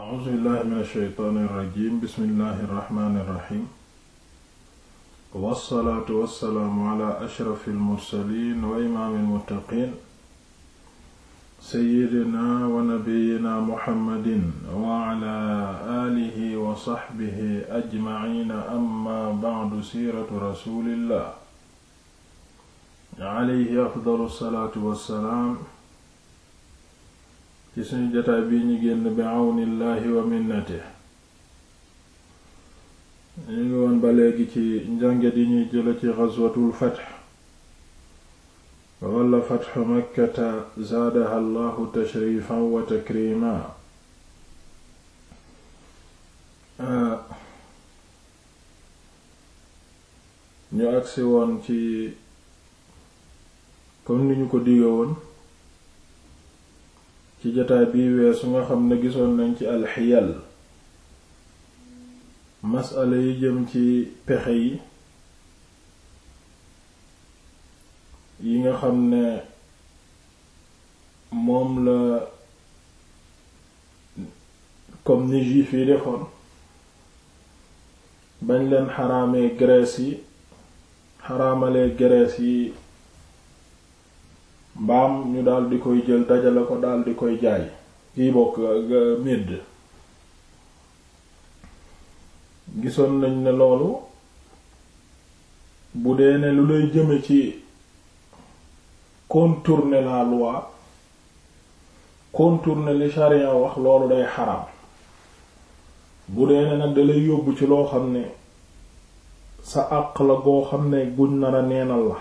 a'uuzu billahi min ash-shaytaani irrajim bismillahi irrahmaani irrahim wassalaatu wassalaamu ala ashrafi almursalin wa imaami almuttaqiin seyyidina wa nabiyina muhammadin wa ala alihi wa saxbihi ajmaciina amma bacdu siiratu rasulillah alayhi afdalu salaatu wassalaam ci suñu jotaay bii ñu génn bi àwnillaahi wa minnate ñu ngi woon ba léegi ci njànget yi ñuy jëla ci ghazwatul fath walla fathu makkata zaadaha allahu tashrifan wa takrima ñu agsi woon ci comme ni ñu ko digga woon ci jotaay bii su nga xam ne gisoon nañ ci alxiyal masale yi jëm ci pexe yi yi nga xam ne moom la comme ni juif yi defoon bañ leen xaraamee Grèce yi xaraamalee Grèce yi mbaam ñu daldi koy jël dajale ko daal di koy jaay kii bokk euh, médd gisoon nañ ne loolu bu dee ne lu lay jëme ci contourner la loi contourner li charia wax loolu day xaraam bu dee ne nag dalay yóbbu ci loo xam ne sa àq la goo xam ne guñ nar a neenal la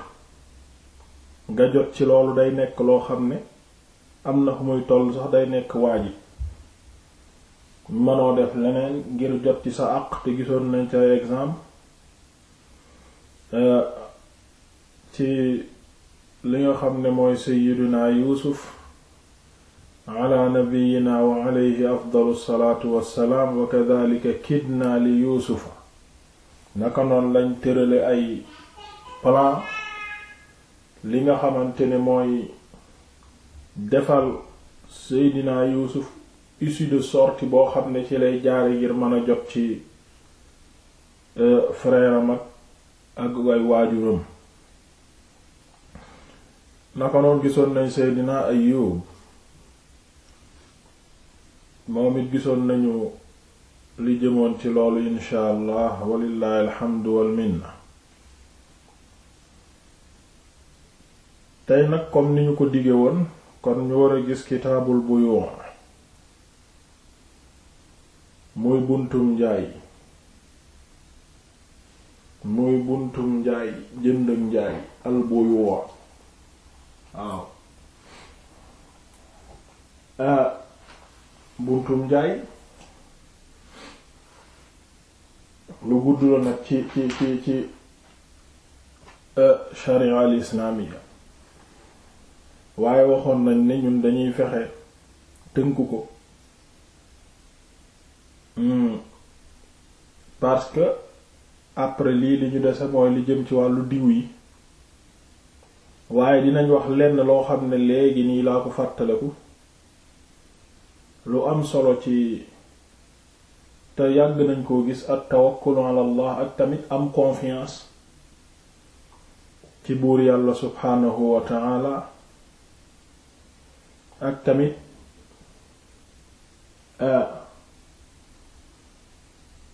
nga jot ci loolu day nekk loo xam ne am na fu muy toll sax day nekk waajib mënoo def leneen ngir jot ci sa àq te gisoon nañ ca exemple euh, ci li nga xam ne mooy sayyiduna Yuusuf ala nabiyyina wa alayhi afdalu salaatu wassalaam wa kadhalika kidna li yuusufa naka noon lañ tërale ay plan li nga xamante ne mooy defal Seydina Yuusuf issue de boo xam ne ci lay jaare ngir mën a jot ci e, frère ak ak ay waajuram naka noonu gisoon nañ Seydina Ayyub moom it gisoon nañu li jëmoon ci loolu insha allah walillahi alhamdu wal tey nag comme ni ñu ko dige woon kon ñu war a gis kitaabul buyu muy buntum njaay muy buntum njaay jënd njaay al buyu waaw ah, buntum njaay lu gudd la nag ci ci ci ci ah, sharia al islaamiya waaye waxoon nañ ne ñun dañuy fexe tënk ko hmm. parce que après lii li ñu dese mooy li jëm ci wàllu diw yi waaye dinañ wax lenn loo xam ne léegi nii laa ko fàttaleku lu am solo ci te yàgg nañ koo gis ak tawakkulu ala ak tamit am confiance ci buur yàlla subhaanahu wa ta'ala ak tamit euh,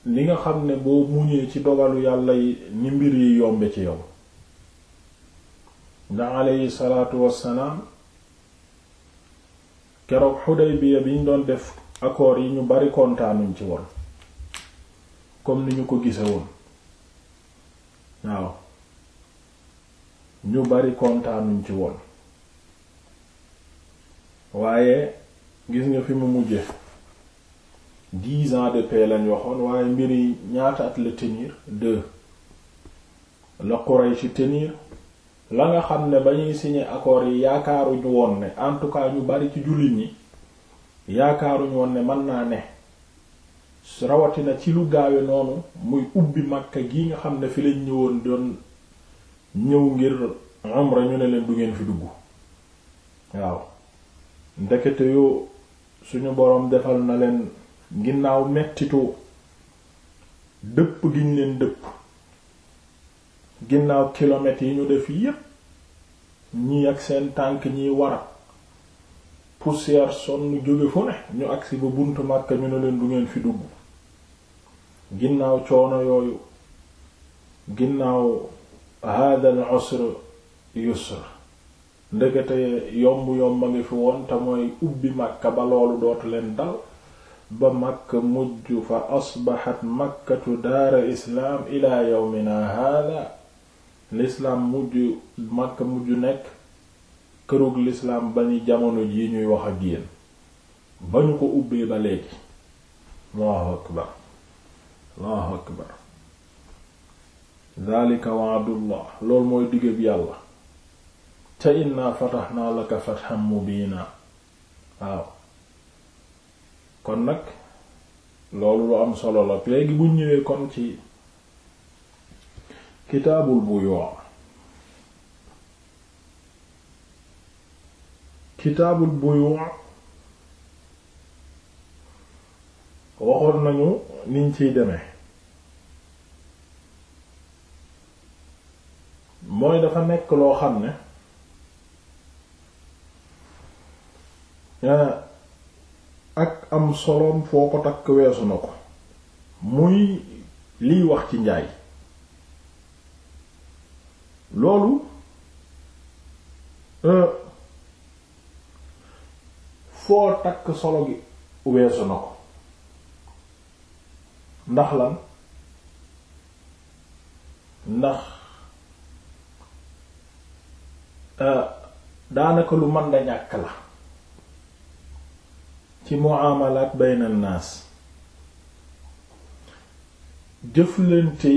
li nga xam ne boo muñee ci dogalu yàlla yi ni mbir yi yombe ci yow ndax aleyhi salaatu wassalaam keroog Xudaybiya bi biñ doon def accord yi ñu bari kontaanuñ ci woon comme ni ñu ko gise woon waaw ñu bari kontaanuñ ci woon waaye gis nga fi mu mujje dix ans de paix lañ waxoon waaye yi ñaata at la tenir deux la Quraysh tenir la nga xam ne ba ñuy signé accords yi yaakaaruñu woon ne en tout cas ñu bari ci jullit ñi yaakaaruñu woon ne mën naa ne rawatina ci lu gaawe noonu muy ubbi Makka gi nga xam ne fi lañ ñëwoon doon ñëw ngir umra ñu ne leen du ngeen fi dugg waaw ndekete yoo suñu boroom defal na leen ginnaaw mettitu dëpp giñ leen dëpp ginnaaw kilomètres yi ñu def yépp ñii ak seen tànk ñiy wara poussière sonn jóge fu ne ñu agsi ba buntu Makka ñu ne leen du ngeen fi dugg ginnaaw coono yooyu ginnaaw hada al usr ndekete yomb yomb a ngi fi woon te mooy ubbi makka ba loolu dootu leen dal ba makk mujj fa asbaxat makkatu daara islaam ila yawmina lislaam mujj makka mujj nekk kërug lislaam ba ni jamono ji ñuy wax ak yéen ba ñu ko ubbee ba léegi allahu akbar allahu akbar dhalika wa'dullah loolu mooy digg yàlla ca inna fatahnaa laka fathan mubiina waaw kon nag loolu lu am solo la léegi bu ñëwee kon ci kitaabul buyuu kitaabul buyuu waxoon nañu niñ ciy demee mooy dafa nekk loo xam ne Eh, ak am soloom foo ko takk weesu na ko muy liy wax ci njaay loolu eh, foo takk solo gi weesu na ko ndax lan ndax eh, daanaka lu mën da ñàkk la ci muamalaat bayna naas jëflante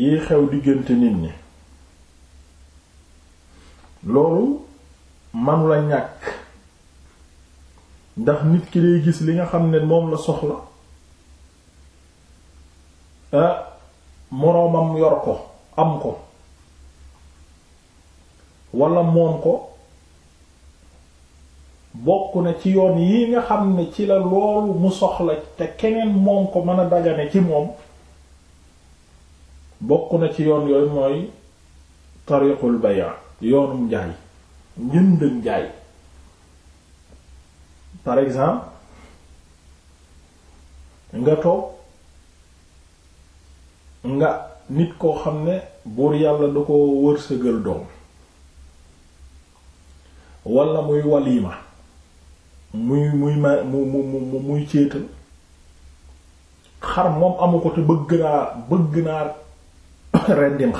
yi xew diggante nit ñi loolu manula ñàkk ndax nit ki day gis li nga xam ne moom la soxla ah, moroomam yor ko am ko walla moom ko bokk na ci yoon yi nga xam ne ci la loolu mu soxla te keneen moom ko mën a dagane ci moom bokk na ci yoon yooyu mooy tariqul bayaa yoonum njaay njëndëm njaay par exemple nga toog nga nit koo xam ne buur yàlla da ko wër wërsëgal doom walla muy waliima muy muy ma mu mu muy céetal xar moom amu ko te bëgg naa bëgg naa rendim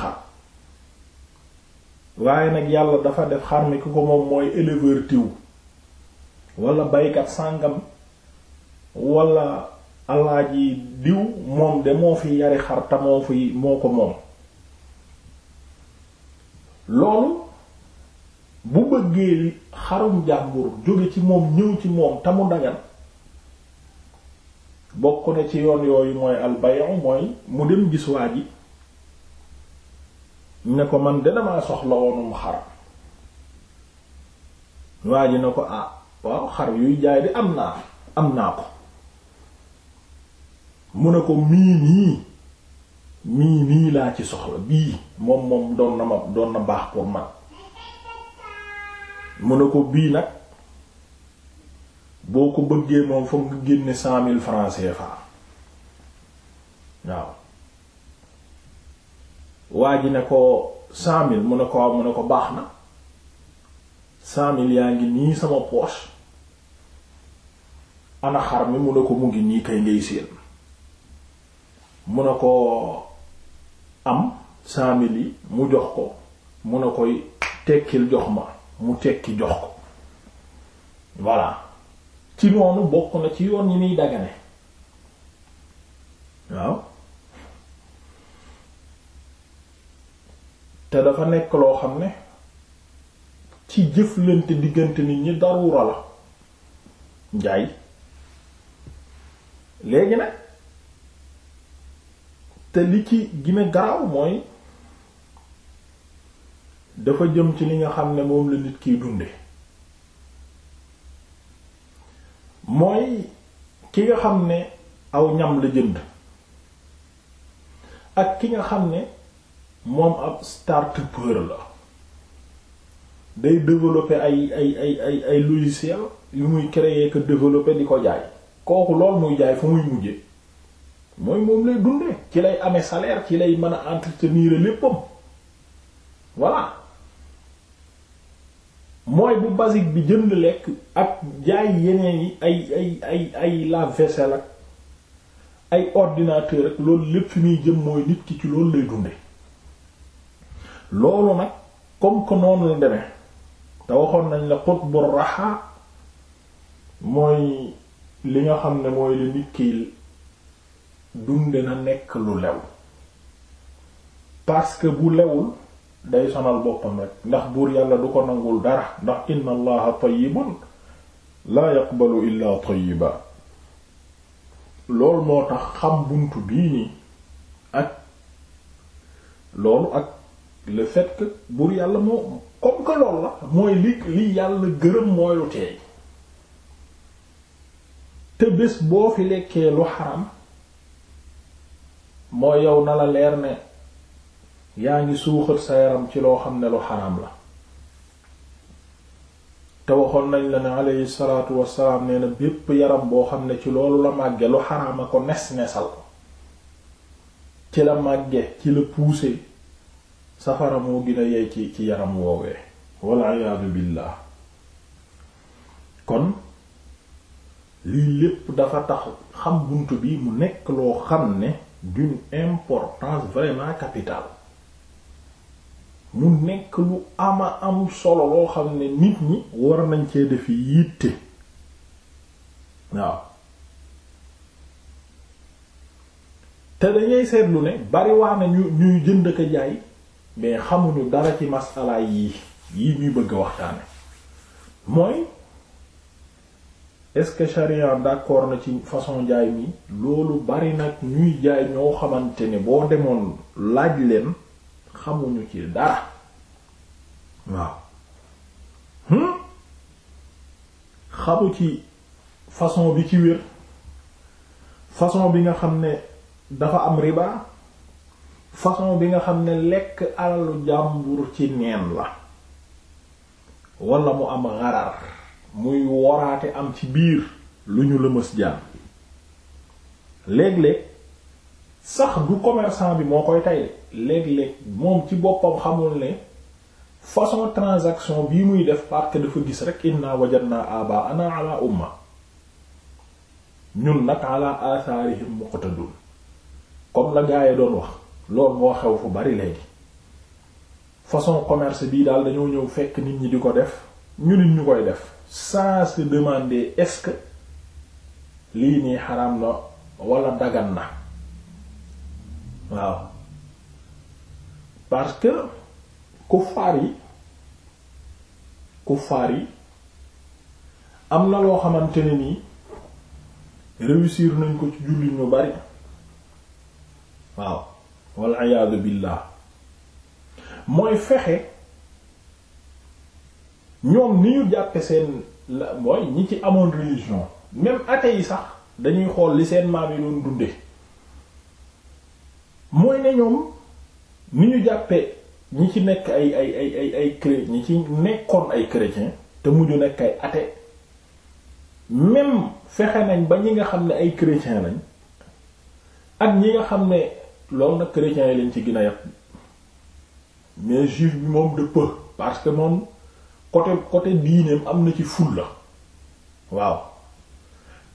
waaye nag yàlla dafa def xar mi ku ko moom mooy éleveur tiw wala baykat sàngam wala alaaji diw moom de moo fi yari xar te fi moo ko moom loolu bu bëggee xarum jàmbur jóge ci moom ñëw ci moom tamu dagan bokk na ci yoon yooyu mooy albayu mooy mu dem gis waa ne ko man de damaa soxla woonum xar waa ne ko ah waaw xar yuy jaay di am naa am naa ko mu ne ko mii nii mii nii laa ci soxla bii moom moom doon na ma doon na baax pour man mu ne ko bii nag boo ko bëggee moom foog nga génne cent mille francs fa waaw waa ji ne ko cent mille mu ne ko am mu ne ko baax na cent yaa ngi nii sama poche ana xar mi mu ne ko mu ngi nii kay ngay séen mu ne ko am cent mille yi mu jox ko mu ne koy tekkil jox ma mu tekki jox ko voilà ci noonu bokk na ci yoon yi muy dagane waaw te dafa nekk loo xam ne ci jëflante diggante nit ñi darura la njaay léegi nag te li ci gën a garaaw mooy dafa jëm ci li nga xam ne moom la nit kiy dunde mooy ki nga xam ne aw ñam la jënd ak ki nga xam ne moom ab start-upeur la day développer ay ay ay ay ay logiciel yu muy créer ko développer di ko jaay kooku lool muy jaay fu muy mujje mooy moom lay dunde ci lay ame salaire ci lay mën a entretenir léppam voilà mooy bu basique bi jënd lekk ak jaay yeneen yi ay ay ay ay lave ak ay ordinateur ak loolu lépp fi muy jëm mooy nit ki ci loolu lay dunde loolu nag comme que noonu la demee te waxoon nañ la xutbu raxa mooy li nga xam ne mooy li nit ki dunde na nekk lu lew parce bu lewul day sonal boppam rek ndax buur yàlla du ko nangul dara ndax inna allaha tayyibun laa yaqbalu illa tayyiba loolu moo tax xam bunt bii nii ak loolu ak le fait buur yàlla moo comme que loolu la mooy li li yàlla gërëm mooy teey te bés boo fi lekkee lu xaram mooy yow na la leer ne yaa ngi suuxat sa yaram ci loo xam ne lu xaraam la te waxoon nañ la ne alayhi salaatu wassalaam nee na bépp yaram boo xam ne ci loolu la màgge lu xaraama ko nes-nesal ci la màgge ci la poussé safara moo gën a ci ci yaram woowee walla iyaadu billaah kon lii lépp dafa tax xam bunt bi mu nekk loo xam ne d'une importance vraiment capital mu nekk lu ama am solo loo xam ne nit ñi war nañ cee def yitte waaw te dañuy seetlu ne bari wax na ñu ñuy jënd ko jaay mais xamuñu dara ci masalaay yi yi ñuy bëgg a waxtaane mooy est-ce que charia d'accord na ci façon jaay mi loolu bari nag ñuy jaay ñoo xamante ne boo demoon laaj leen xamuñu ci dara waaw hmm xamu ci façon bi ci wér façon bi nga xam ne dafa am riba façon bi nga xam ne lekk alalu jàmbur ci neen la wala mu am xarar muy woraate am ci biir lu ñu lëmës jaan léeg-léeg sax du commerçant bi moo koy tay léeg-léeg moom ci boppam xamul ne façon transaction bii muy def parce que dafa gis rek inna wajadna aba ana ala umma ñun nag ala atharihim muqtadun comme la gars yi doon wax loolu moo xew fu bari léegi façon commerce bii daal dañoo ñëw fekk nit ñi di ko def ñu nit ñu koy def sans se demander est-ce que lii nii xaraam na wala dagan na waaw parce que kuffaar yi kuffaar yi am na loo xamante ne nii réussir nañ ko ci jullit ñu bari waaw wal iyaadu billaah mooy fexe ñoom ni ñu jàppe seen la mooy ñi ci amoon religion même athée yi sax dañuy xool li seen maam yi doon dunde mooy ne ñoom ni ñu jàppee ñi ci nekk ay ay ay ay ay cré ñi ci nekkoon ay chrétien te mujju nekk ay athée même fexe nañ ba ñi nga xam ne ay chrétien lañ ak ñi nga xam ne loolu nag chrétiens yi lañ ci gën a yàq mais juif bi moom de peu parce que moom côté côté diineem am na ci ful la waaw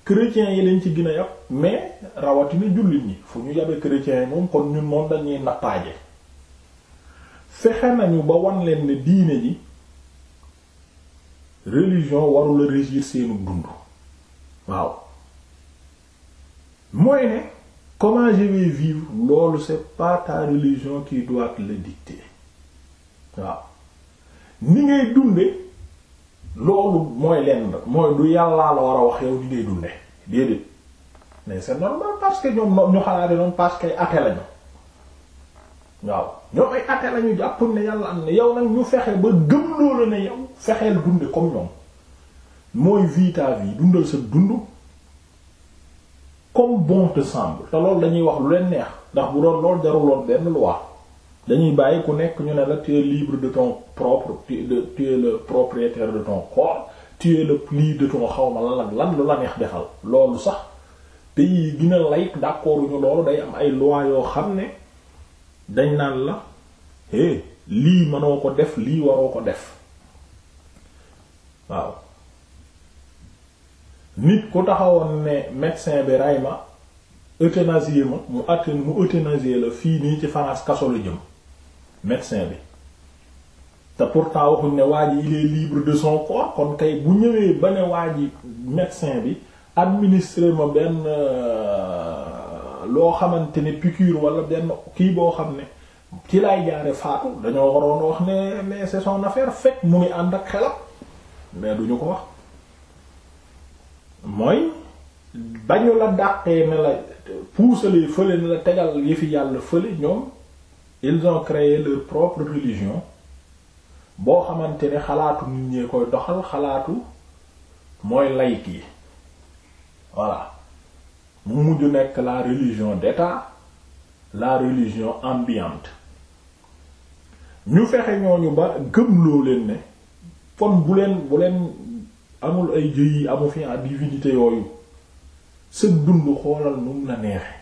chrétiens yi lañ ci gën a mais rawatina jullit ñi fu ñu yabe chrétiens yi moom kon ñun moom dañuy nappaaje fexe nañu ba wan leen ne diine ji religion warula régir seenu dund waaw mooy ne comment je vais vivre loolu c'est pas ta religion qui doit le dicter waaw ni ngay dunde loolu mooy lenn mooy du yàllaa la war a wax yow di dee dunde déedéet mais c'est normal parce ñoom ñu xalaate noonu parce que athée lañu waaw ñoom ay athée lañu jàpp ne yàlla am na yow nag ñu fexe ba gëm loolu ne yow fexeel dunde comme ñoom mooy vie ta dundal sa dund comme bon te semble te loolu dañuy wax lu leen neex ndax bu doon loolu jaruloon benn loi dañuy bàyyi ku nekk ñu ne la tu es libre de ton propre tu es le propriétaire de ton corps tu es le pli de ton xawma lan ak lan lu la neex defal loolu sax pays yi gën a layk d'accord loolu day am ay lois yoo xam ne dañ naan la é eh, lii mënoo ko def lii waroo ko def waaw nit ku taxawoon ne médecin bi ray ma euthanasie ma mu atten mu euthanasie la fii nii ci France kaso jëm médecin bi te pourtant waxuñ ne waa ji il libre de son corps kon kay bu ñëwee ba ne waa ji médecin bi administré ma benn euh, loo xamante ne piqûre wala benn kii boo xam ne ci lay jaare faatu dañoo waroon wax ne mais c'est affaire fekk mu ngi ànd ak xelam mais duñu ko wax mooy bañu la dàqee ne la puusalee fële ne la tegal yi fi yàlla fële ñoom ils ont créé leur propre religion boo xamante ne xalaatu nit ñee koy doxal xalaatu mooy laïc yi voilà mu mujj nekk la religion d'État la religion ambiante ñu fexe ñooñu ba gëmloo leen ne kon buleen leen amul ay jëy yi amu fi en divinité yooyu sa dund xoolal nu mu neexe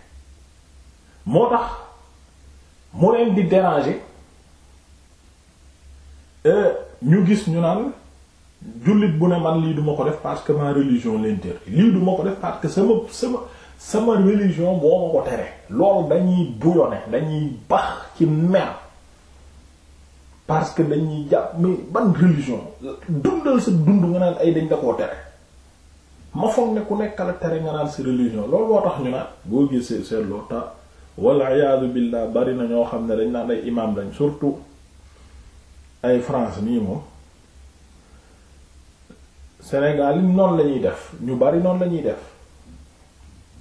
moo tax mu leen di déranger euh, ñu gis ñu naan jullit bu ne man lii duma ko def parce que ma religion l'interdit lii duma ko def parce que sama sama sama religion boo ma ko tere loolu dañuy bouillonner dañuy bax ci mer parce que dañuy jàpp mais ban religion dundal sa dund nga naan ay dañ da koo tere ma foog ne ku nekk la tere nga naan sa religion loolu moo tax ñu naan boo gisee seetloo ta walla iyaadu billaah bari na ñoo xam ne dañ naan ay imaam lañ surtout ay France nii moom Sénégal yi noonu la def ñu bari noon lañuy def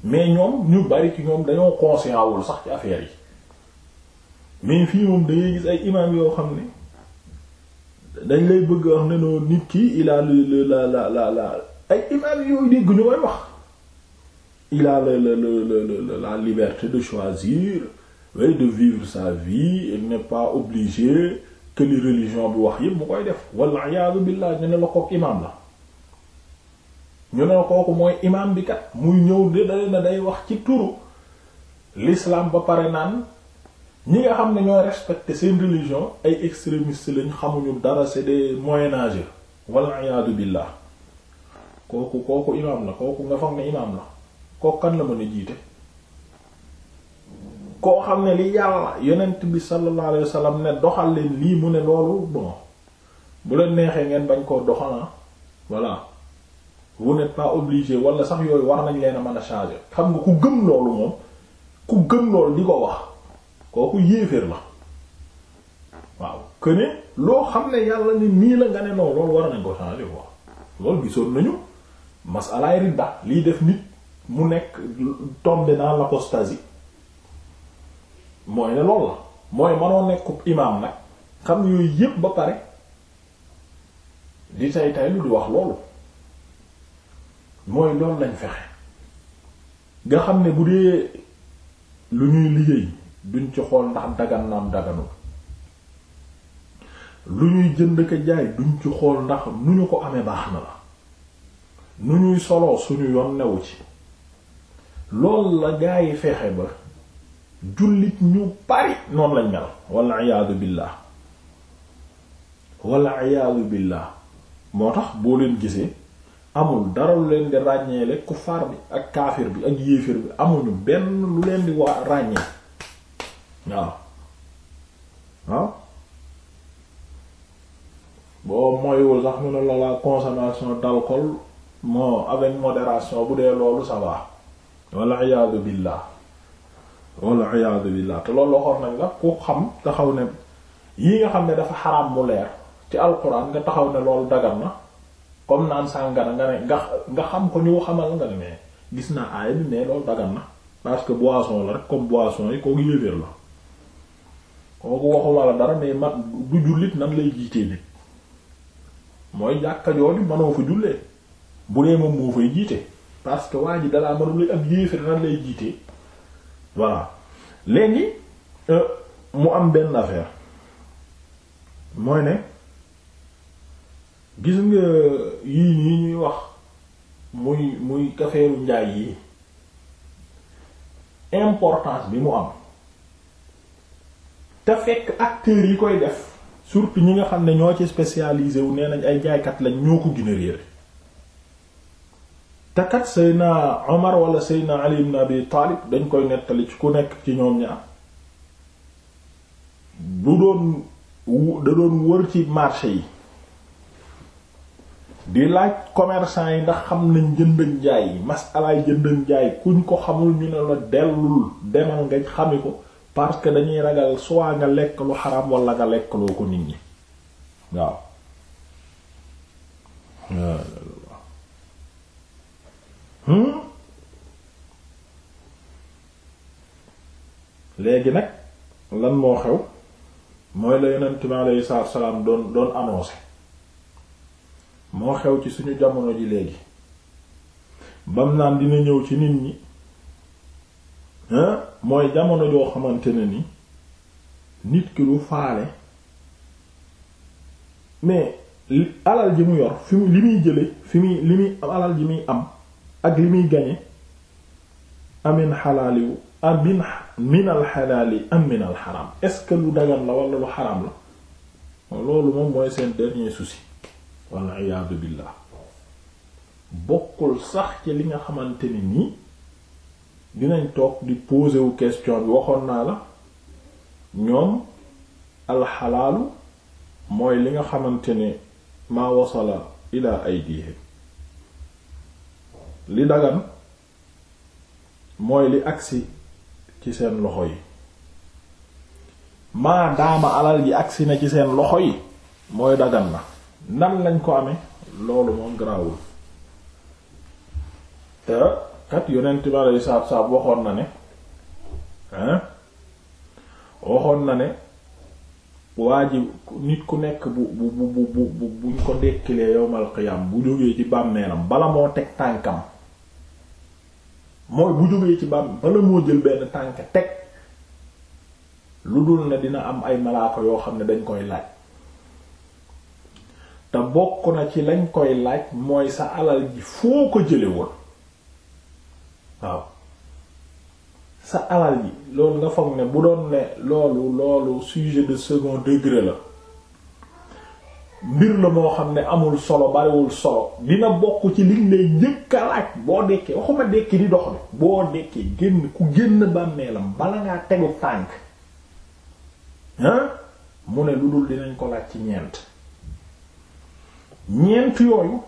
mais ñoom ñu bari ci ñoom dañoo conscient wul sax ci affaire yi mais fii moom dangay gis ay imaam yoo xam ne dañ lay bëgg wax ne noo nit ki il a la la la la ay imaam yooyu dégg ñu koy wax. il la liberté de choisir oui de vivre sa vie il n'est pas obligé que li religion bi wax yëpp bu koy def walla iyaadu billaah ñu ne la kook imaam la ñu ne la kooku mooy imaam bi kat muy ñëw de day na day wax ci turu l'islam ba pare naan ñi nga xam ne ñooy respecter seen religion ay extrémistes lañ xamuñu dara c'est des moyen-âgeux walla iyaadu billaah kooku kooku imaam la kooku nga foog ne imaam la koo kan la mën a jiite koo xam ne li yàlla yonent bi sallallahu alayhi wasallam ne doxal leen lii mu ne loolu bon bu leen neexee ngeen bañ koo doxal ah, voilà vous n'êtes pas obligé wala sax yooyu war nañ leen a mën a changer xam nga ku gëm loolu moom ku gëm loolu di ko wax kooku yéeféer la waaw que ne loo xam ne yàlla ni nii la nga ne non loolu war nañ ko changer quoi loolu gisoon nañu masalaay ridda liy def nit. mu nekk tombé dans l'apostasie mooy ne loolu la mooy mënoo nekkub imaam nag xam yooyu yépp ba pare di tay tay lu di wax loolu mooy loolu lañ fexe nga xam ne bu dee lu ñuy liggéey duñ ci xool ndax dagan naam daganul lu ñuy jënd ka jaay duñ ci xool ndax nu ñu ko amee baax na la nu ñuy soloo suñu yoon newu ci loolu la gaa yi fexe ba jullit ñu bari noonu lañ mel walla iyaadu billaah walla iyaadu billaah moo tax boo leen gisee amul dara lu leen di ràññeele kuffaar bi ak kaafir bi ak yéefir bi amuñu benn lu leen di waa ràññee waaw waaw boo moywul sax mu ne la la consommation d'alcool moo avec modération bu dee loolu ça va walla iyaadu billaah walla iyaadu billaah te loolu waxoon nañ la ku xam taxaw ne yi nga xam ne dafa xaraam mu leer ci alquran nga taxaw ne loolu dagan na comme naan sàngara nga ne nga xam ko ñu xamal nga ne mais gis naa aaya bi mais loolu dagan na parce que boisson la rek comme boisson yi kooku yéeféer la kooku waxuma la dara mais man du jullit nan lay jiitee nit mooy jàkka jooju manoo fa jullee bu dee moom moo fay jiite parce que waa ji dalaa mënul ak yéefar nan lay jiitee voilà léegi euh, mu am benn affaire mooy ne gis nga yii nii ñuy wax muy muy kafeeru njaay yi importance bi mu am te fekk acteurs yi koy def surtout ñi nga xam ne ñoo ci spécialisé wu nee nañ ay jaaykat lañ ñoo ko gën a takat Seydina Omar wala Seydina Ali ibn Abi Taalib dañ koy nettali ci ku nekk ci ñoom ñaar bu doon da doon wër ci marché yi di laaj commerçant yi ndax xam nañ jënd ak jaay yi masalaay jënd ak jaay kuñ ko xamul ñu ne la dellul demal nga xami ko parce que dañuy ragal soit nga lekk lu xaram wala nga lekk loo ko nit ñi waaw. Hmm? léegi nag lan moo xew mooy la yonent bi aleyhi salaam doon doon annoncé moo xew ci suñu jamono ji léegi bam naan dina ñëw ci nit ñi mooy jamono joo xamante ne ni nit ki lu faale mais alal ji mu yor fi mu li muy jële fi muy li muy alal ji muy am ak li muy gañe amin xalaaliwu amin minal xalaali am minal xaraam est-ce que lu dagan la wala lu xaraam la loolu moom mooy seen dernier souci walla iyaadu billaah bokkul sax ci li nga xamante ni nii dinañ toog di poser wu question bi waxoon naa la ñoom alxalaalu mooy li nga xamante ne maa wasala ila aydihim li dagan mooy li agsi ci seen loxo yi maa daama alal yi agsi na ci seen loxo yi mooy dagan na nan lañ ko ame loolu moom garaawul te kat yonent bi aleyhi salaatu salaam waxoon na ne hein waxoon na ne waa ji nit ku nekk bu bu bu bu bu buñ ko dekkilee yowmal qiyaam bu jógee ci bàmmeelam bala moo teg tànkam mooy bu jógee ci bam bala moo jël benn tànk teg lu dul ne dina am ay malaaka yoo xam ne dañ koy laaj te bokk na ci lañ koy laaj mooy sa alal ji foo ko jële woon waaw sa alal ji loolu nga foog ne bu doon ne loolu loolu sujet de second degré la mbir la moo xam ne amul solo bariwul solo dina bokk ci liñ lay njëkk laaj boo dekkee waxuma dekki di dox de boo dekkee génn ku génn bàmmeelam bala ngaa tegu tànk hein mu ne lu dul dinañ ko laaj ci ñeent ñeent yooyu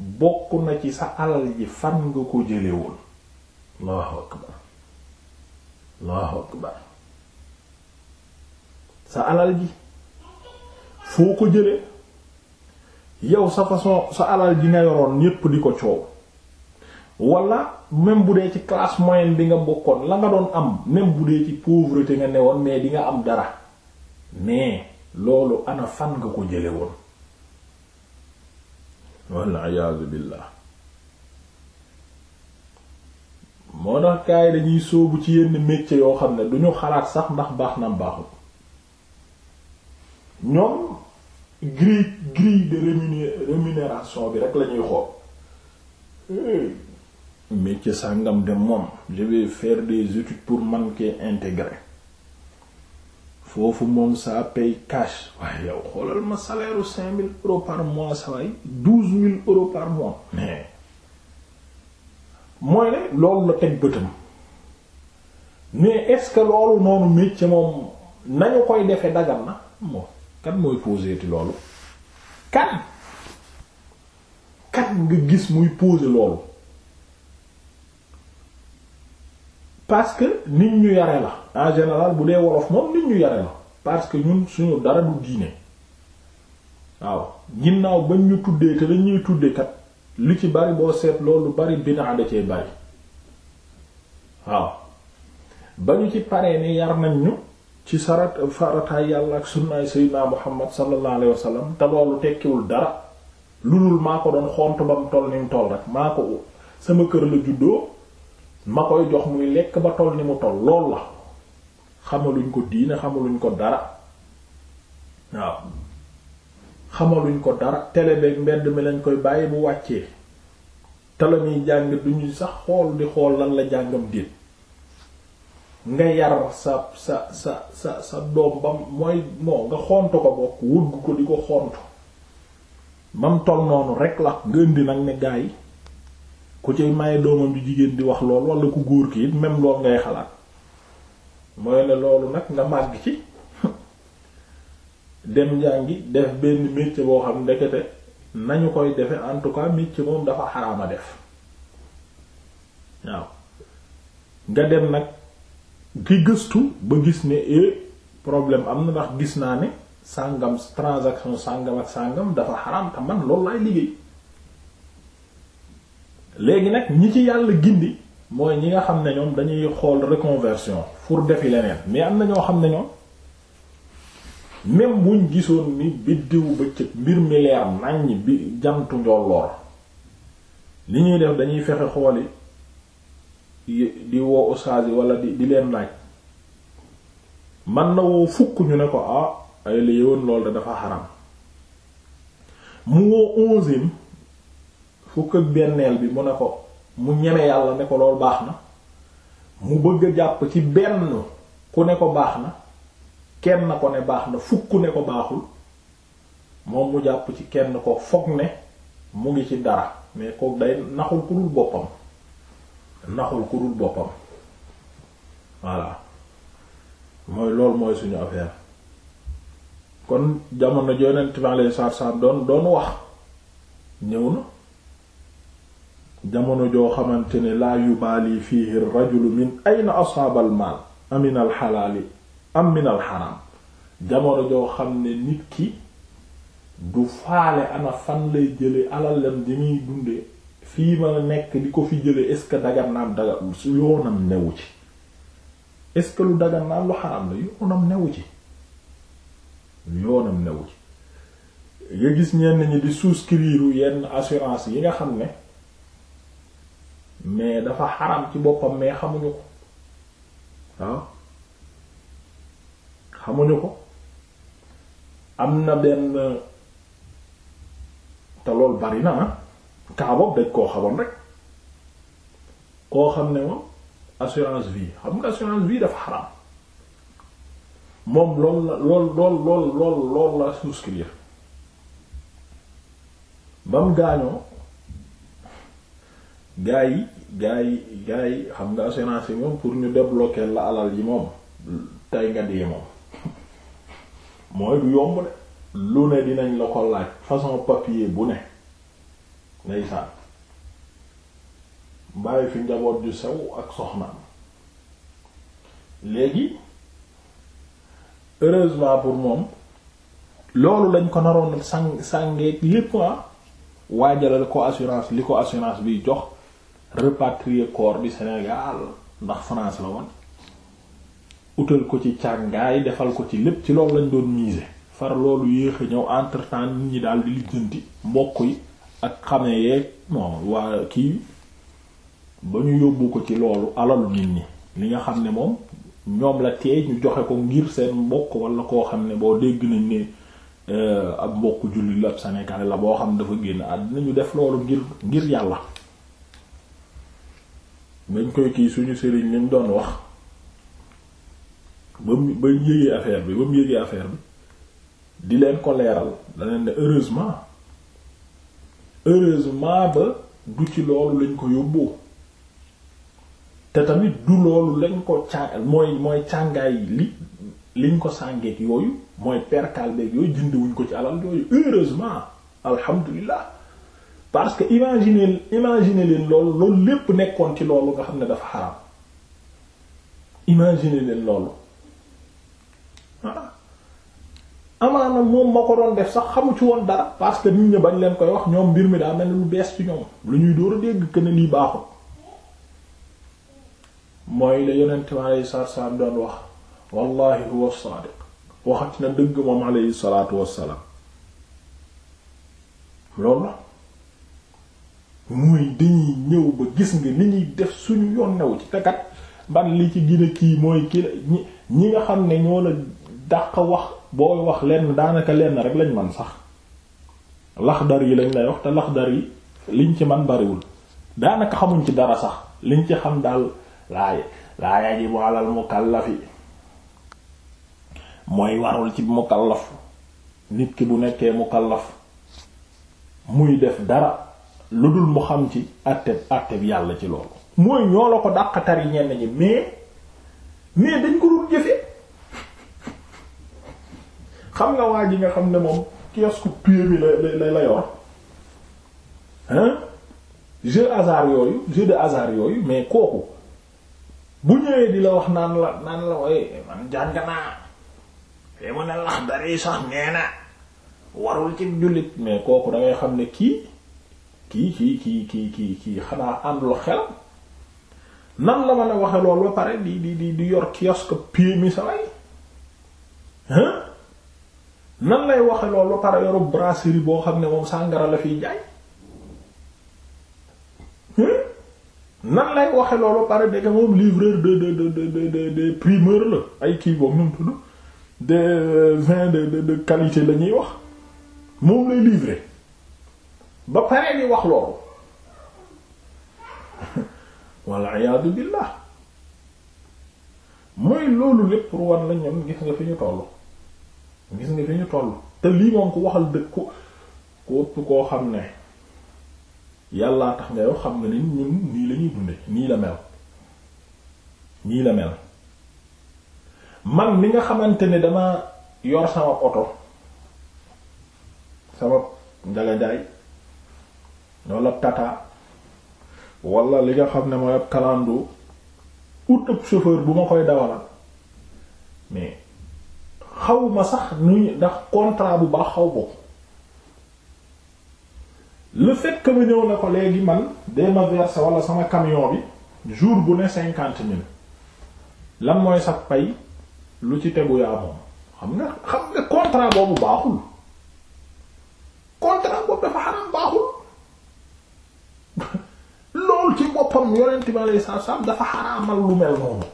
bokk na ci sa alal ji fan nga ko jële woon allahu akbar allahu akbar sa alal ji foo ko jële yow sa façon sa alal ji nga yoroon ñépp di ko coow walla même bu dee ci classe moyenne bi nga bokkoon la nga doon am même bu dee ci pauvreté nga newoon mais di nga am dara mais loolu ana fan nga ko jële woon walla iyaazu billaah moo tax kaay dañuy sóobu ci yenn métier yoo xam ne duñu xalaat sax ndax baax na baaxul ñoom grille grille de rémuné rémunération bi rek lañuy ñuy xool métier sàngam de moom je vais des études pour man kee intégrer foofu moom ça paye cash waaye yow xoolal ma salaire u cinq mille euros par mois sa waay douze mille euros par mois mais mooy ne loolu la teg bëtam mais est loolu noonu métier moom nañu koy defe dagan na moom kan mooy posé ti loolu kan kan nga gis muy posé loolu parce que nit ñu yare la en général bu dee wolof moom nit ñu yare la parce que ñun suñu dara du diine waaw ginnaaw bañ ñu tuddee te lañ ñuy tuddee kat lu ci bari boo seet loolu bari bidaa da cee bari waaw ba ñu ci paree ne yar nañ ñu ci sarat farataay yàlla ak sunnaay sayyidina muhammad sallallahu alayhi wa sallam te loolu tekkiwul dara lu dul maa ko doon xont ba mu toll ni mu toll rek maa ko sama kër la juddoo ma koy jox muy lekk ba toll ni mu toll lool la luñ ko diine xamaluñ ko dara waaw xamaluñ ko dara télé beeg mbedd mi lañ koy bàyyi bu wàccee te la ñuy jàng duñu sax xool di xool lan la jàngam déet nga yaram sa sa sa sa sa doom bam mooy moo nga xontu ko bokk wut ko di ko xontu bam tol noonu rek la nga indi nag ne gaa yi ku ci maye doomam di jigéen di wax lool wala ku góor ki it même lool ngay xalaat mooy ne loolu nag nga màgg ci dem njàngi def benn métier boo xam ndekete nañu koy defe en tout cas métier moom dafa xaraama def waaw nga dem nag ki gëstu ba gis ne e problème am na ndax gis naa ne sàngam transaction sàngam ak sàngam dafa xaraam man loolu laay liggéey léegi nag ñi ci yàlla gindi mooy ñi nga xam ne ñoom dañuy xool reconversion pour defi leneen mais am na ñoo xam ne ñoom même buñ gisoon ni biddiwu bëccëg mbir mi leer naññ bi jantu njolloor li ñuy def dañuy fexe xooli di woo ustaas yi wala di di leen laaj man na woo fukk ñu ne ko ah ay la yëwoon lool da dafa xaram mu woo onzième fukk ak benneel bi mu ne ko mu ñeme yàlla ne ko lool baax na mu bëgg a jàpp ci benn ku ne ko baax na kenn ko ne baax na fukk ne ko baaxul moom mu jàpp ci kenn ko foog ne mu ngi ci dara mais kook day naxul ku dul boppam naxul ku dul boppam voilà mooy loolu mooy suñu affaire kon jamono yonent bi alayhi salaatu salaam doon doon wax ñëw na jamono joo xamante ne laa yubaali fiihi rajulu min ayna asaabal maal aminal al xalaali am min xaraam jamono joo xam ne nit ki du faale ana fan lay jële alalam di muy dundee fii ma nekk di ko fi jëlee est-ce que dagan naam su yoonam newu ci est-ce que lu dagan naam lu xaram la yoonam newu ci yoonam newu ci nga gis ñenn ñi di souscrire yenn assurance yi nga xam ne mais dafa xaram ci boppam mais xamuñu ko waaw ah? xamuñu ko am na benn te lool bari na ah. kaabob dañ koo xamoon rek koo xam ne moom assurance vie xam nga assurance vie dafa xaraam moom lool la lool lool lool la souscrire ba gaañoo gaa yi gaa yi gaa yi xam nga assurance yi moom pour ñu débloquer la alal yi moom tey nga dee moom mooy du yomb de lu ne dinañ la ko laaj façon papier bu ne ndeysaan bàyyi fi njaboot ju sew ak soxnaam léegi heureusement pour moom loolu lañ ko naroon sang sàngeeg lépp ah waajalal ko assurance li ko assurance biy jox rapatrier corps du Sénégal ndax France la woon utal ko ci càngaay defal ko ci lépp ci loolu lañ doon miser far loolu yéex ñëw entre temps nit ñi daal di lijjanti mbokk yi ak xame yeeg bon waa kii ba ñu yóbbu ko ci loolu alalu nit ñi li nga xam ne moom ñoom la teey ñu joxe ko ngir seen mbokk wala koo xam ne boo dégg nañ ne euh, ab mbokk jullit la ab Sénégal la boo xam dafa génn àddina ñu def loolu ngir ngir yàlla dañ koy kii suñu sëriñ lañ doon wax ba mu ba yëgee affaire bi ba mu yëgee affaire bi di leen ko leeral da leen heureusement heureusement ba du ci loolu lañ ko yóbboo te tamit du loolu lañ ko càng mooy mooy càngaay li liñ ko sàngeet yooyu mooy perkal beeg yooyu jëndewuñ ko ci alal yooyu heureusement alhamdulilah parce que imagine imagine leen loolu loolu lépp nekkoon ci loolu nga xam ne dafa xaraam imagine leen loolu amaana moom ma ko doon def sax xamu ci woon dara parce que nit ñi bañ leen koy wax ñoom mbir mi daa mel lu bees ci ñoom lu ñuy door a dégg que ne lii baaxul mooy la yonent mi alayhi salaatu na dëgg moom dañuy ñëw ba gis nga li ñuy def suñu yoon new ci takat ban li ci gina kii mooy ki ñi ñi nga xam ne ñoo la dàq wax boo wax lenn daanaka lenn rek lañ man sax laxdar yi lañ lay wax te lax laxdar yi liñ ci man bariwul daanaka xamuñ ci dara sax liñ ci xam daal laay laa yajibu alal mukallafi mooy warul ci mukallaf nit ki bu nekkee mukallaf muy def dara lu dul mu xam ci àtteb àtteb yàlla ci loolu mooy ñoo la ko dàqatari ñenn ñi mais mais dañ ko dul jëfe xam nga waa ji nga xam ne moom kiosque PMI la la la yor hein jeu hasard yooyu jeu de hasard yooyu mais kooku bu ñëwee di la wax naan la naan la waaye man jàng naa fee mu ne lax dari sax nee warul ci jullit mais kooku dangay xam ne kii kii kii kii kii kii kii xanaa àndul xel nan la mën a waxe loolu ba pare di di di di yor kiosque PMI sa way hein nan lay waxe loolu pare yoru brasserie boo xam ne moom sàngara la fiy jaay hmm? nan lay waxe loolu pare dëgg moom livreur de de de de de de primeur la ay kii boobu ñoom tudd de euh, vin de de de qualité la ñuy wax moom lay livrer ba pare di wax loolu walla iyaadu billah mooy loolu lépp pour wan la ñoom gis nga fi ñu tollu gis nga fi ñu toll te lii moom ku waxal dëgg ku ku ëpp koo xam ne yàllaa tax nga yow xam nga ni ñun nii lañuy dunde nii la mel nii la mel man mi nga xamante ne dama yor sama oto sama njaganjaay walla tata walla li nga xam ne mooy ab kalandoo ut ab chauffeur bu ma koy dawalal mais xaw ma sax nuñu ndax contrat bu baax xaw boobu lu fekk que ma ñëw na ko léegi man dee ma verser wala sama camion bi jour bu ne cinquante mille lan mooy sa pay lu ci tegu yaa moom xam nga xam nga contrat boobu baaxul contrat boobu dafa xaram baaxul loolu ci boppam yorenti ma lay saab saab dafa xaraamal lu mel noonu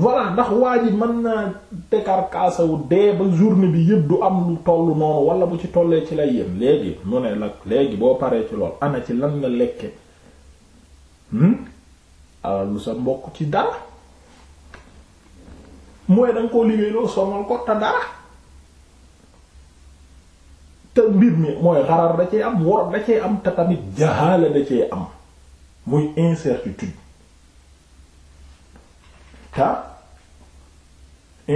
voilà ndax waa ji mën naa décarcassewu dee ba journée bi yëpp du am lu toll noonu wala bu ci tollee ci lay yem léegi mu ne nag léegi boo paree ci lool ana ci lan nga lekke hmm? alalu sa mbokk ci dara mooy da nga koo liggéeyloo somal ko te dara te mbir mi mooy xarar da cee am wor da ci am te tamit jaxaala da cee am muy incertitude ta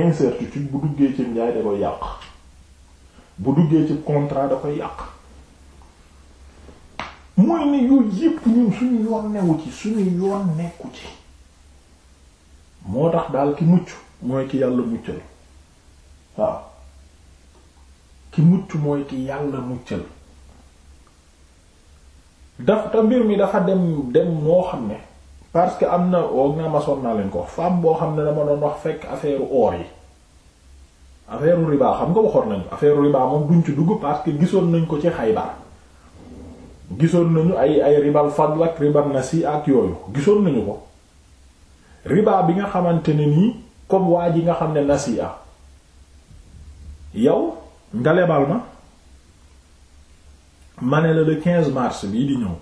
incertitude bu duggee ci njaay da koy yàq bu duggee ci contrat da yàq mooy ne yooyu yépp ñun suñu yoon newu ci suñu yoon nekku ci moo tax daal ki mucc mooy ki yàlla muccal waaw ki mucc mooy ki yàlla muccal daf te mbir mi dafa dem dem moo xam ne parce que am na woog naa masoon naa leen ko wax femme boo xam ne dama doon wax fekk affaire or yi affaire riba xam nga waxoon nañu affaire riba moom duñ ci dugg parce que gisoon nañ ko ci Xaybar gisoon nañu ay ay ribal fadl ak ribal nasi ak yooyu gisoon nañu ko riba bi nga xamante ne nii comme waa ji nga xam ne nasi a yow nga lebal ma ma ne la le 15 mars bii di ñëw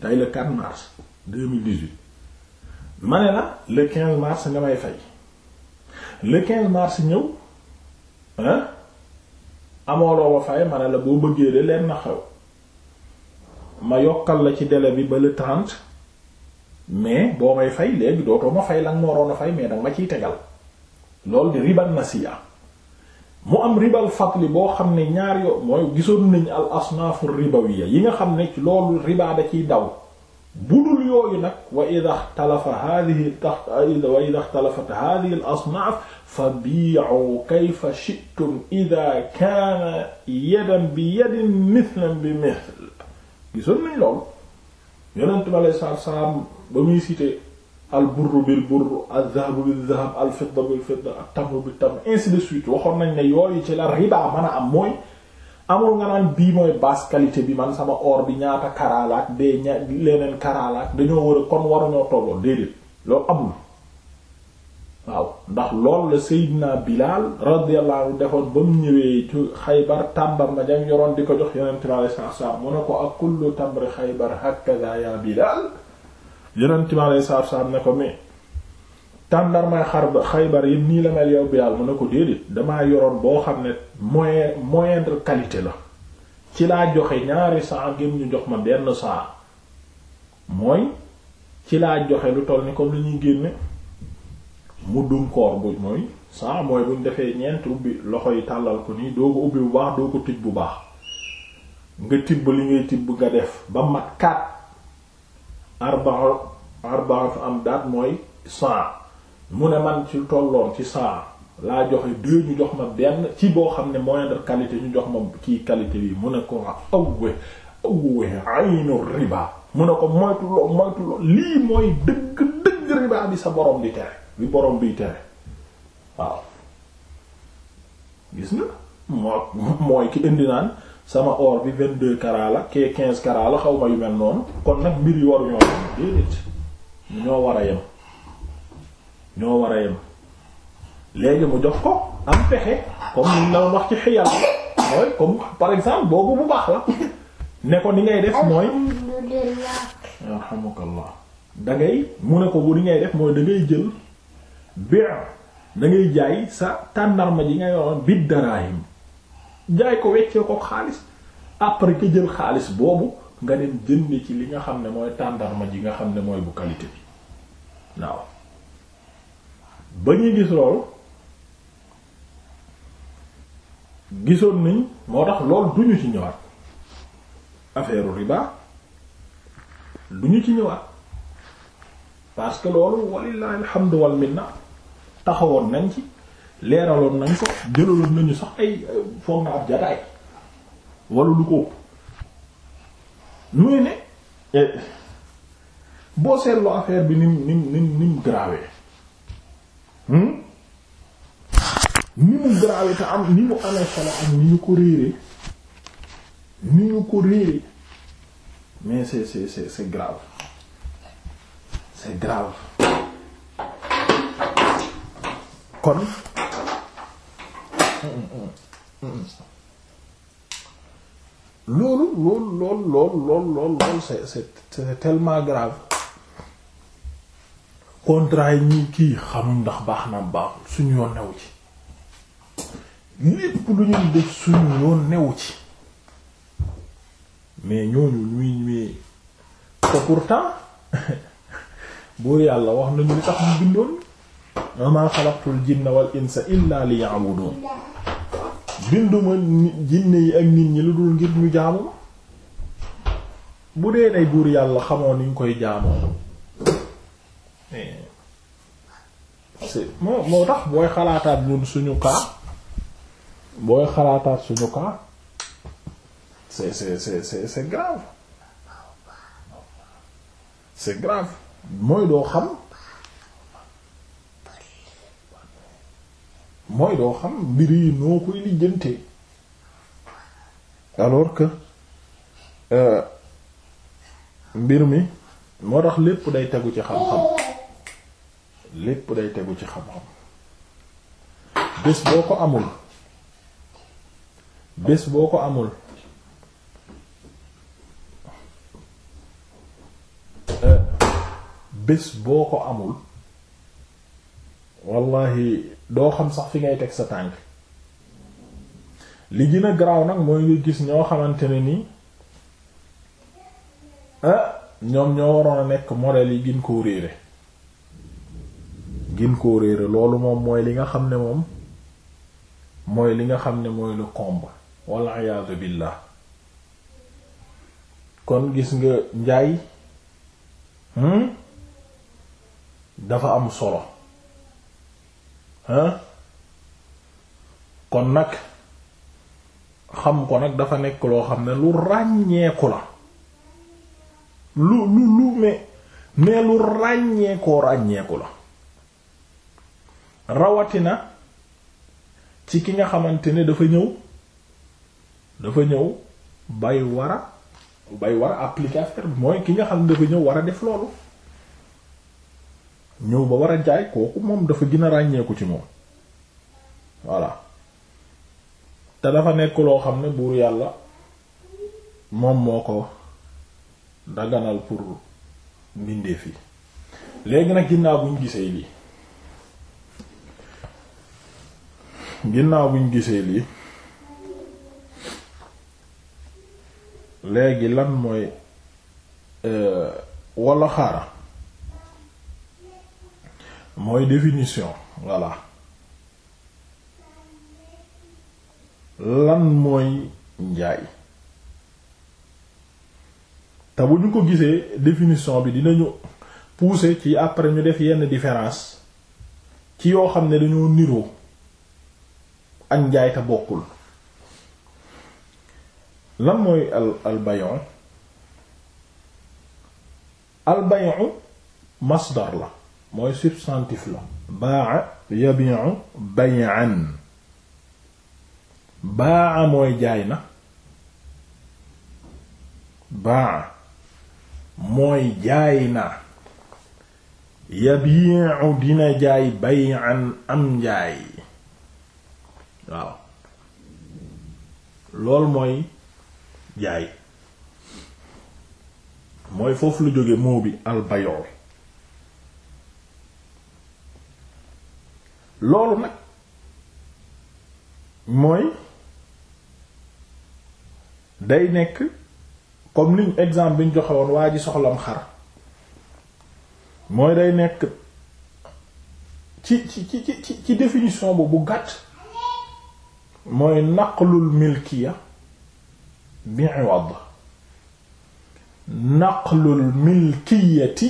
tey le mars 2018 ma la le 15 mars nga may fay le 15 mars ñëw hein amoo loo ba fay ma la boo bëggee de leen na xew ma yokkal la ci dele bi ba le 30 mais boo may fay léegi dootoo ma fay la nga waroon a fay mais danga ma ciy tegal loolu di ribal nasiya mu am ribal fadli boo xam ne ñaar yoo mooy gisoon nañ al asnaafu ribawiya yi nga xam ne ci loolu riba da ciy daw budul yooyu nag wa idha ikhtalafa hadhihi wa idha ikhtalafat hadhihi al-asnaf fabi'u kayfa shi'tum idha kana yadan bi yadin mithlan bi mithl gisoon nañ loolu yonent bi alei salatu salaam ba muy cité al burr bil burr al dhahab bil dhahab al fidda waxoon nañ ne yooyu ci la riba mën a am mooy amul nga naan bii mooy basse qualité bi man sama or bi ñaata karaalaat bee ña leneen karaalaat dañoo war a kon waruñoo tolloo déedéet loolu amul waaw ndax loolu la Seydina Bilal radiyallahu anhu defoon ba mu ñëwee ci Xaybar tàmbar ma jam yoroon di ko jox yonent bi alayhi salaatu salaam mu ne ko ak kullu tamri Xaybar hakaza ya Bilal yonent bi alayhi salaatu salaam ne ko mais tàndarmay xar xaybar yi nii la mel yow bi yàlla mu ne ko déedéet damaa yoroon boo xam ne moyen moindre qualité la ci laa joxe ñaari saa ngir ñu jox ma benn saa mooy ci laa joxe lu toll ni comme li ñuy génne muddum koor bu mooy saa mooy buñ defee ñeent ubbi loxo yi tàllal ko nii doo ko ubbi bu baax doo ko tëj bu baax nga tibb li ngay tibb nga def ba mat kaat arba'a arba'a am daat mooy saa mu ne man ci tolloon ci saa laa joxe deux ñu jox ma benn ci boo xam ne moindre qualité ñu jox ma kii qualité bi mu ne ko awwe awwe aynu riba mu ne ko moytu loo moytu loo lii mooy dëgg dëgg riba bi sa borom di tere bi borom biy tere waaw gis nga moo mooy ki indi naan sama or bi vingt deux carats la quinze carats xaw ma yu mel noonu kon nag mbir yi waruñoo déedéet ñoo war a yem ñoo war a léegi mu jox ko am pexe comme ni wax ci xiyal mooy comme par exemple boobu bu baax la ne ko ni ngay def mooy alhamdulilah da ngay mu ne ko bu ni ngay def mooy da ngay jël biir da ngay jaay sa tàndarma ji nga yoroon bi daraahim jaay ko weccee ko xaalis après que jël xaalis boobu nga dem jënd ci li nga xam ne mooy tàndarma ji nga xam ne mooy bu qualité bi waaw ba ñuy gis loolu gisoon nañ moo tax loolu duñu ci ñëwaat affaire riba ñu ci ñëwaat parce que loolu walillahi alhamdu wal minna taxawoon nañ ci leeraloon nañ ko jëlaloon nañu sax ay euh, foog na jataay wala lu ko muy ne eh, boo seetloo affaire bi nim nim nim nim Hmm? ni mu graawe te am ni mu amee solo ak ni ñu ko réere ni ñu ko réere mais c'est c'est c'est grave c'est grave kon loolu loolu loolu loolu loolu loolu c'est c'est tellement grave contrat yi ñu kii xamuñ ndax baax na baaxul suñu yoon newu ci lépp lu ñuy def suñu yoon newu ci mais ñooñu ñuy ñuy te pourtant buur yàlla wax nañu li tax ñu bindoon wa maa xalaqtul jinna wal insa illa liya'budun binduma jinne yi ak nit ñi lu dul ngir ñu jaamu ma bu dee day buur yàlla xamoon ni ñu koy jaamoo parce eh. moo tax booy xalaataat ñun suñu cas booy xalaataat suñu cas c'est c'est c'est c'est grave c'est grave mooy doo xam mooy doo xam mbir yi noo koy lijjantee alors que euh, mbir mi moo tax lépp day tegu ci xam-xam lépp day tegu ci xam-xam bés boo ko amul bés boo ko amul eh, bés boo ko amul wallahi doo xam sax fi ngay teg sa tànk li gën graaw garaaw nag mooy nga gis ñoo xamante ne nii ah ñoom ñoo waroon a nekk modèle yi gin koo réere gën koo réere loolu moom mooy li nga xam ne moom mooy li nga xam ne mooy lu xomb walla iyaatu billaah kon gis nga njaay hmm dafa am solo hein kon nag xam ko nag dafa nekk loo xam ne lu ràññeeku la lu lu lu mais mais lu ràññeekoo ràññeeku la na ci ki nga xamante ne dafa ñëw dafa ñëw bay war a bay war a appliquer bi mooy ki nga xam ne dafa ñëw war a def loolu ñëw ba war a jaay kooku moom dafa gën a ràññeeku ci moom voilà te dafa nekk loo xam ne buur yàlla moom moo ko daganal pour mbindeef yi léegi nag ginnaaw buñ gisee lii ginnaaw bi ñu gisee lii léegi lan mooy euh, walla xaara mooy définition voilà lan mooy njaay te bu ñu ko gisee définition bi dinañu pousser ci après ñu def yenn différence ci yoo xam ne dañoo niroo ak njaay te bokkul lan mooy al al bayon al bayon masdar la mooy substantif la baa yabi'u bay'an baa mooy jaay na baa mooy jaay na yabi'u dina jaay bay'an am jaay waaw loolu mooy jaay mooy foofu lu jóge moo bi albayool loolu nag mooy day nekk comme liñ exemple bi ñu joxe woon waa ji soxlam xar mooy day nekk ci ci ci ci ci définition bu bu gàtt mooy naqlul milkiya bi iwad naqlul milkiyati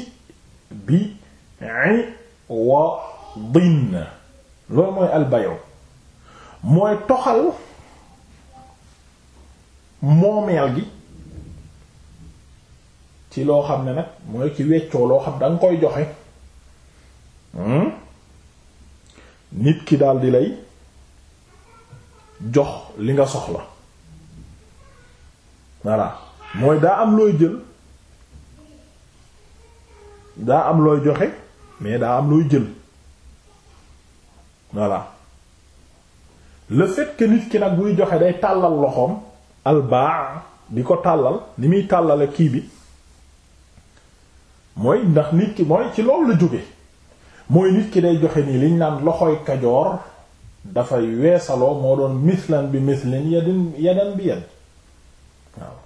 bi iwadin loolu mooy albayow mooy toxal moomeel gi ci loo xam ne nag mooy ci weccoo loo xam danga koy joxe hmm? nit ki daal di lay jox li nga soxla voilà mooy daa am looy jël daa am looy joxe mais daa am looy jël voilà le fait nit ki nag buy joxe day tàllal loxoom albaa di ko tàllal ni muy tàllale kii bi mooy ndax nit ki mooy ci lool la jóge mooy nit ki day joxe nii liñ naan loxoy kajoor dafay weesaloo moo doon mislan bi mislin yadin yadan bi yad waaw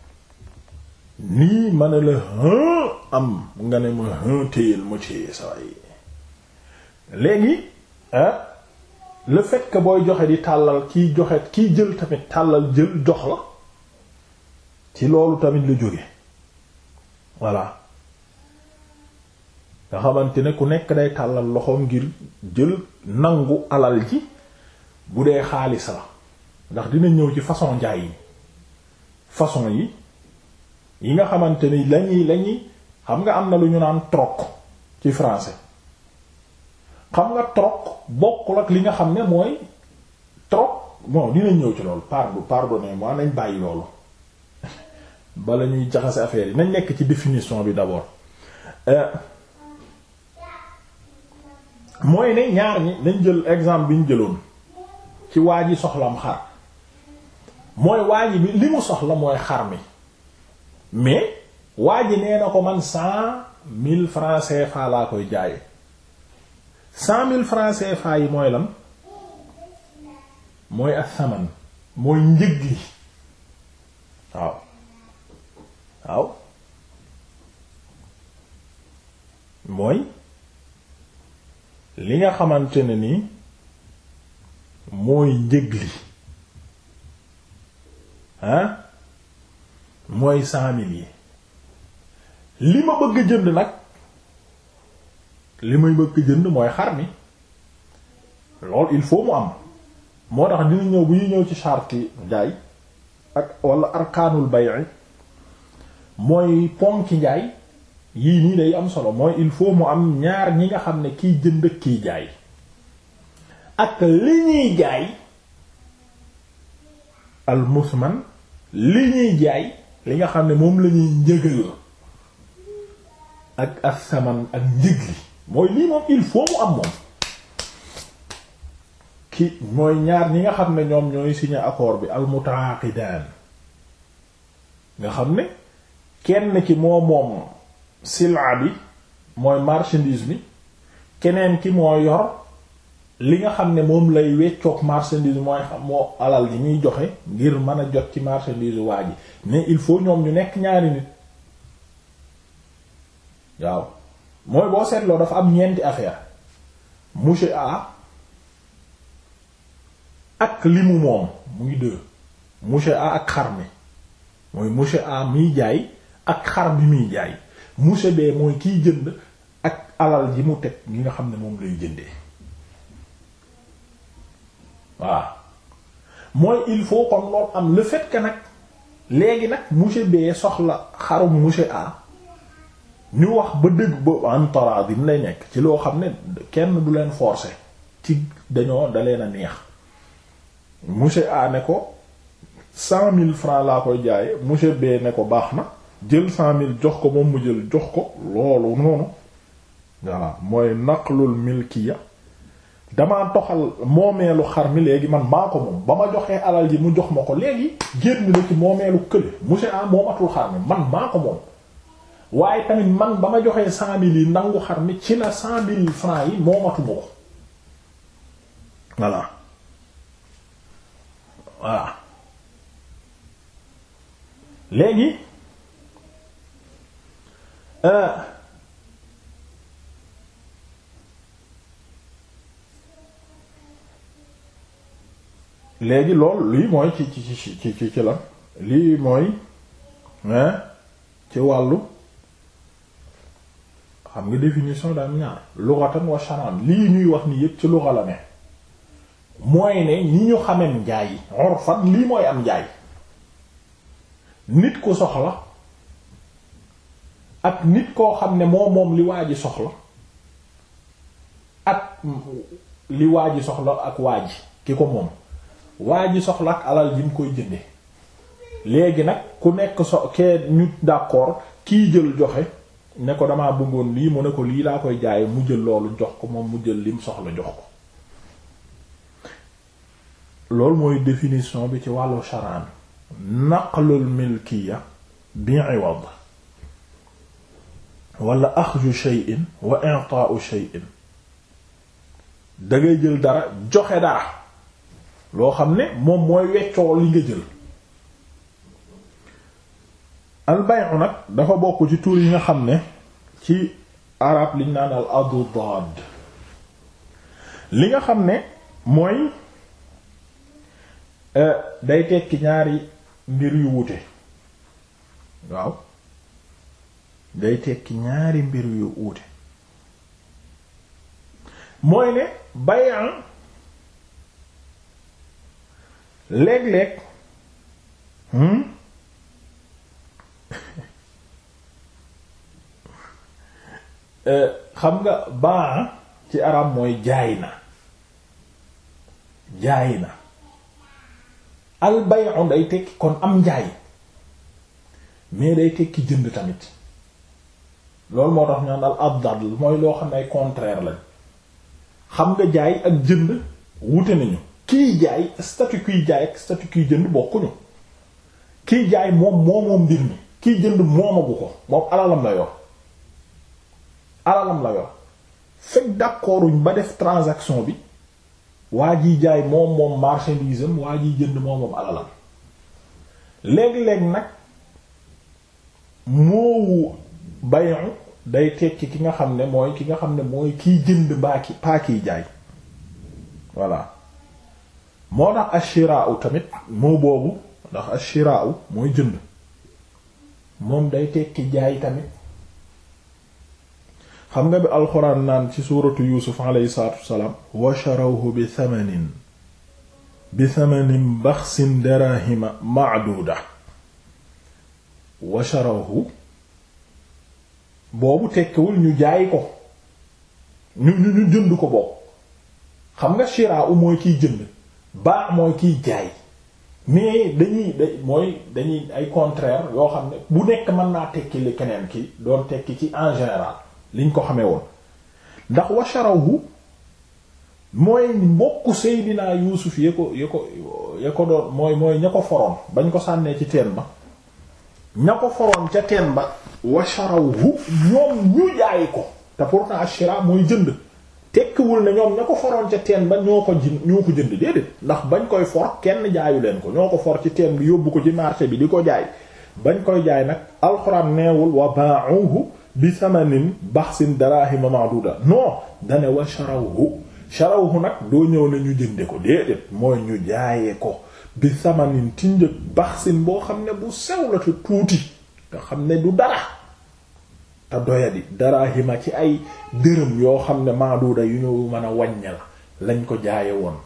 nii ma ne la am nga ne ma téyel ma téye saway léegi ah, le fait booy joxe di tàllal kiy joxe kiy jël tamit tàllal jël jox la ci loolu tamit lu jóge voilà nga xamante ku nekk day tàllal loxoom ngir jël nangu alal ji bu dee xaalis la ndax dina ñëw ci façon njaay yi façon yi yi nga xamante ni lañuy lañuy xam nga am na lu ñu naan troc ci français xam nga troc bokkul ak li nga xam ne mooy troc moom dina ñëw ci loolu pardon pardonnez-moi nañ bàyyi loolu bala ñuy jaxase affaire yi nañ nekk ci définition bi d'abord euh, mooy ne ñaar ñi nañ jël exemple bi ñu jëloon ci waa ji soxlam xar mooy waa ji bi li mu soxla mooy xar mi mais waa ji nee na ko man cent mille francs CFA laa koy jaaye cent mille francs CFA yi mooy lan mooy asaman mooy njëg li waaw waaw mooy li nga xamante ne nii mooy njëg li ah mooy cent yi li ma bëgg jënd nag li may bëgg jënd mooy xar mi lool il faut mu am moo tax dina ñëw bu ñu ñëw ci charti jaay ak wala arkaanul bay'i mooy ponki njaay yii nii day am solo mooy il faut mu am ñaar ñi nga xam ne kiy jënd ak kiy jaay ak li ñuy jaay al musman li ñuy jaay li nga xam ne moom lañuy ñuy njëgal ak ak saman ak njëg li mooy lii moom il faut mu am moom ki mooy ñaar ñi nga xam ne ñoom ñooy signé accord bi al mutaqidaan nga xam ne kenn ki moo moom silaa bi mooy marchandise bi keneen ki moo yor li nga xam ne moom lay weccoog marchandise mooy xam moo alal yi ñuy joxe ngir mën a jot ci marchandise waa ji mais il faut ñoom ñu nekk ñaari nit waaw mooy boo seetloo dafa am ñeenti affaire monsieur A ak li mu moom muy ak xar mi mooy monsieur A miy jaay ak xar bi muy jaay monsieur B mooy kiy jënd ak alal ji mu teg gi nga xam ne moom lay jëndee waa mooy il faut kon loolu am le fait nag léegi nag monsieur B soxla xarum monsieur A ñu wax ba dëgg ba entourage bi mu lay nekk ci loo xam ne kenn du leen force ci dañoo dalee na neex monsieur A ne ko cent mille francs laa koy jaaye monsieur B ne ko baax na jël cent mille jox ko moom mu jël jox ko loolu noonu voilà mooy naqlul milkiya dama toxal moomeelu xar mi léegi man maa ko moom ba ma joxee alal yi mu jox ma ko léegi génn na ci moomeelu kële monsieur a moomatul xar mi man maa ko moom waaye tamit man ba ma joxee cent mille yi nangu xar mi ci la cent mille francs yi moomatuma ko voilà voilà léegi euh, léegi lool lii mooy ci ci ci ci la lii mooy ci wàllu xam nga définition daan ñaar lughatan wa shar'an lii ñuy wax ni yépp ci lugha la ne mooy ne ñi ñu xamem njaay urfan lii mooy am njaay nit ku soxla ak nit koo xam ne moo moom li waa ji soxla ak li waa soxla ak waa ji ki ko moom waa ji soxla ak alal ji mu koy jënde léegi nag ku nekk so kee ñu d'accord kii jël joxe ne ko damaa bëggoon lii mu ne ko lii laa koy jaaye mu jël loolu jox ko moom mu jël lim soxla jox ko loolu mooy définition bi ci wàllu charan naqlul milkiya bi iwad wala axju shay'in wa i'ta'u shay'in da ngay jël dara joxe dara loo xam ne moom mooy weccoo li nga jël albayu nag dafa bokk ci tur yi nga xam ne ci arab liñ naan al adudad li nga xam ne mooy euh, day tekki ñaari mbir yu wute waaw day tekki ñaari mbir yu wute mooy ne bayan léeg-léeg hmm? euh, xam nga baa ci arab mooy jaay na jaay na al bay'u day tekki kon am njaay mais day tekki jënd tamit loolu moo tax ñu naan al abdal mooy loo xam ne ay contraire lañ xam nga jaay ak jënd wute nañu kiy jaay statut kiy jaay ak statut kiy jënd bokkuñu kiy jaay moom moomoom mbir mi kiy jënd moomagu ko moom alalam la yor alalam la yor fekk d'accorduñ ba def transaction bi waa jiy jaay moom moom marchandise am waa jiy jënd moomoom alalam léeg-léeg nag moowu bayu day tekki ki nga xam ne mooy ki nga xam ne mooy kiy jënd baa ki paa kiy jaay voilà moo tax ashiraau tamit moo boobu ndax ashiraau mooy jënd moom day tekki jaay tamit xam nga bi alxuraan naan ci suuratu yuusuf alayhi salaatu wassalaam bi thamanin bi thamanin baxsin darahima maaduda wa boobu tekkiwul ñu jaay ko ñu ñu jënd ko boobu xam nga shiraau mooy kiy jënd baa mooy kiy jaay mais dañuy da mooy dañuy ay contraire yoo xam ne bu nekk man naa tekki li keneen ki doon tekki ci en général liñ ko xamee woon ndax washarahu mooy mbokku Seydina Yuusuf ya ko ya ko ya ko doon mooy mooy ña ko foroon bañ ko sànnee ci teen ba ña ko foroon ca teen ba washarahu ñoom ñu jaay ko te pourtant ashira mooy jënd tekkiwul ne ñoom ña ko foroon ca teen ba ñoo ko jin ñoo ko jënd déedéet ndax bañ koy for kenn jaayu leen ko ñoo ko for ci teen bi yóbbu ko ci marché bi di ko jaay bañ koy jaay nag alxuraan neewul wa ba'uhu bi sama samanin baxsin darahima ma'duda non dane wa sharawhu sharawhu nag doo ñëw ne ñu jënde ko déedéet mooy ñu jaayee ko bi samanin ci njëg baxsin boo xam ne bu sew la te tuuti nga xam ne du dara te doyadi darahima ci ay dërëm yoo xam ne maaduuda yu ñu mën a wàññe la lañ ko jaaye woon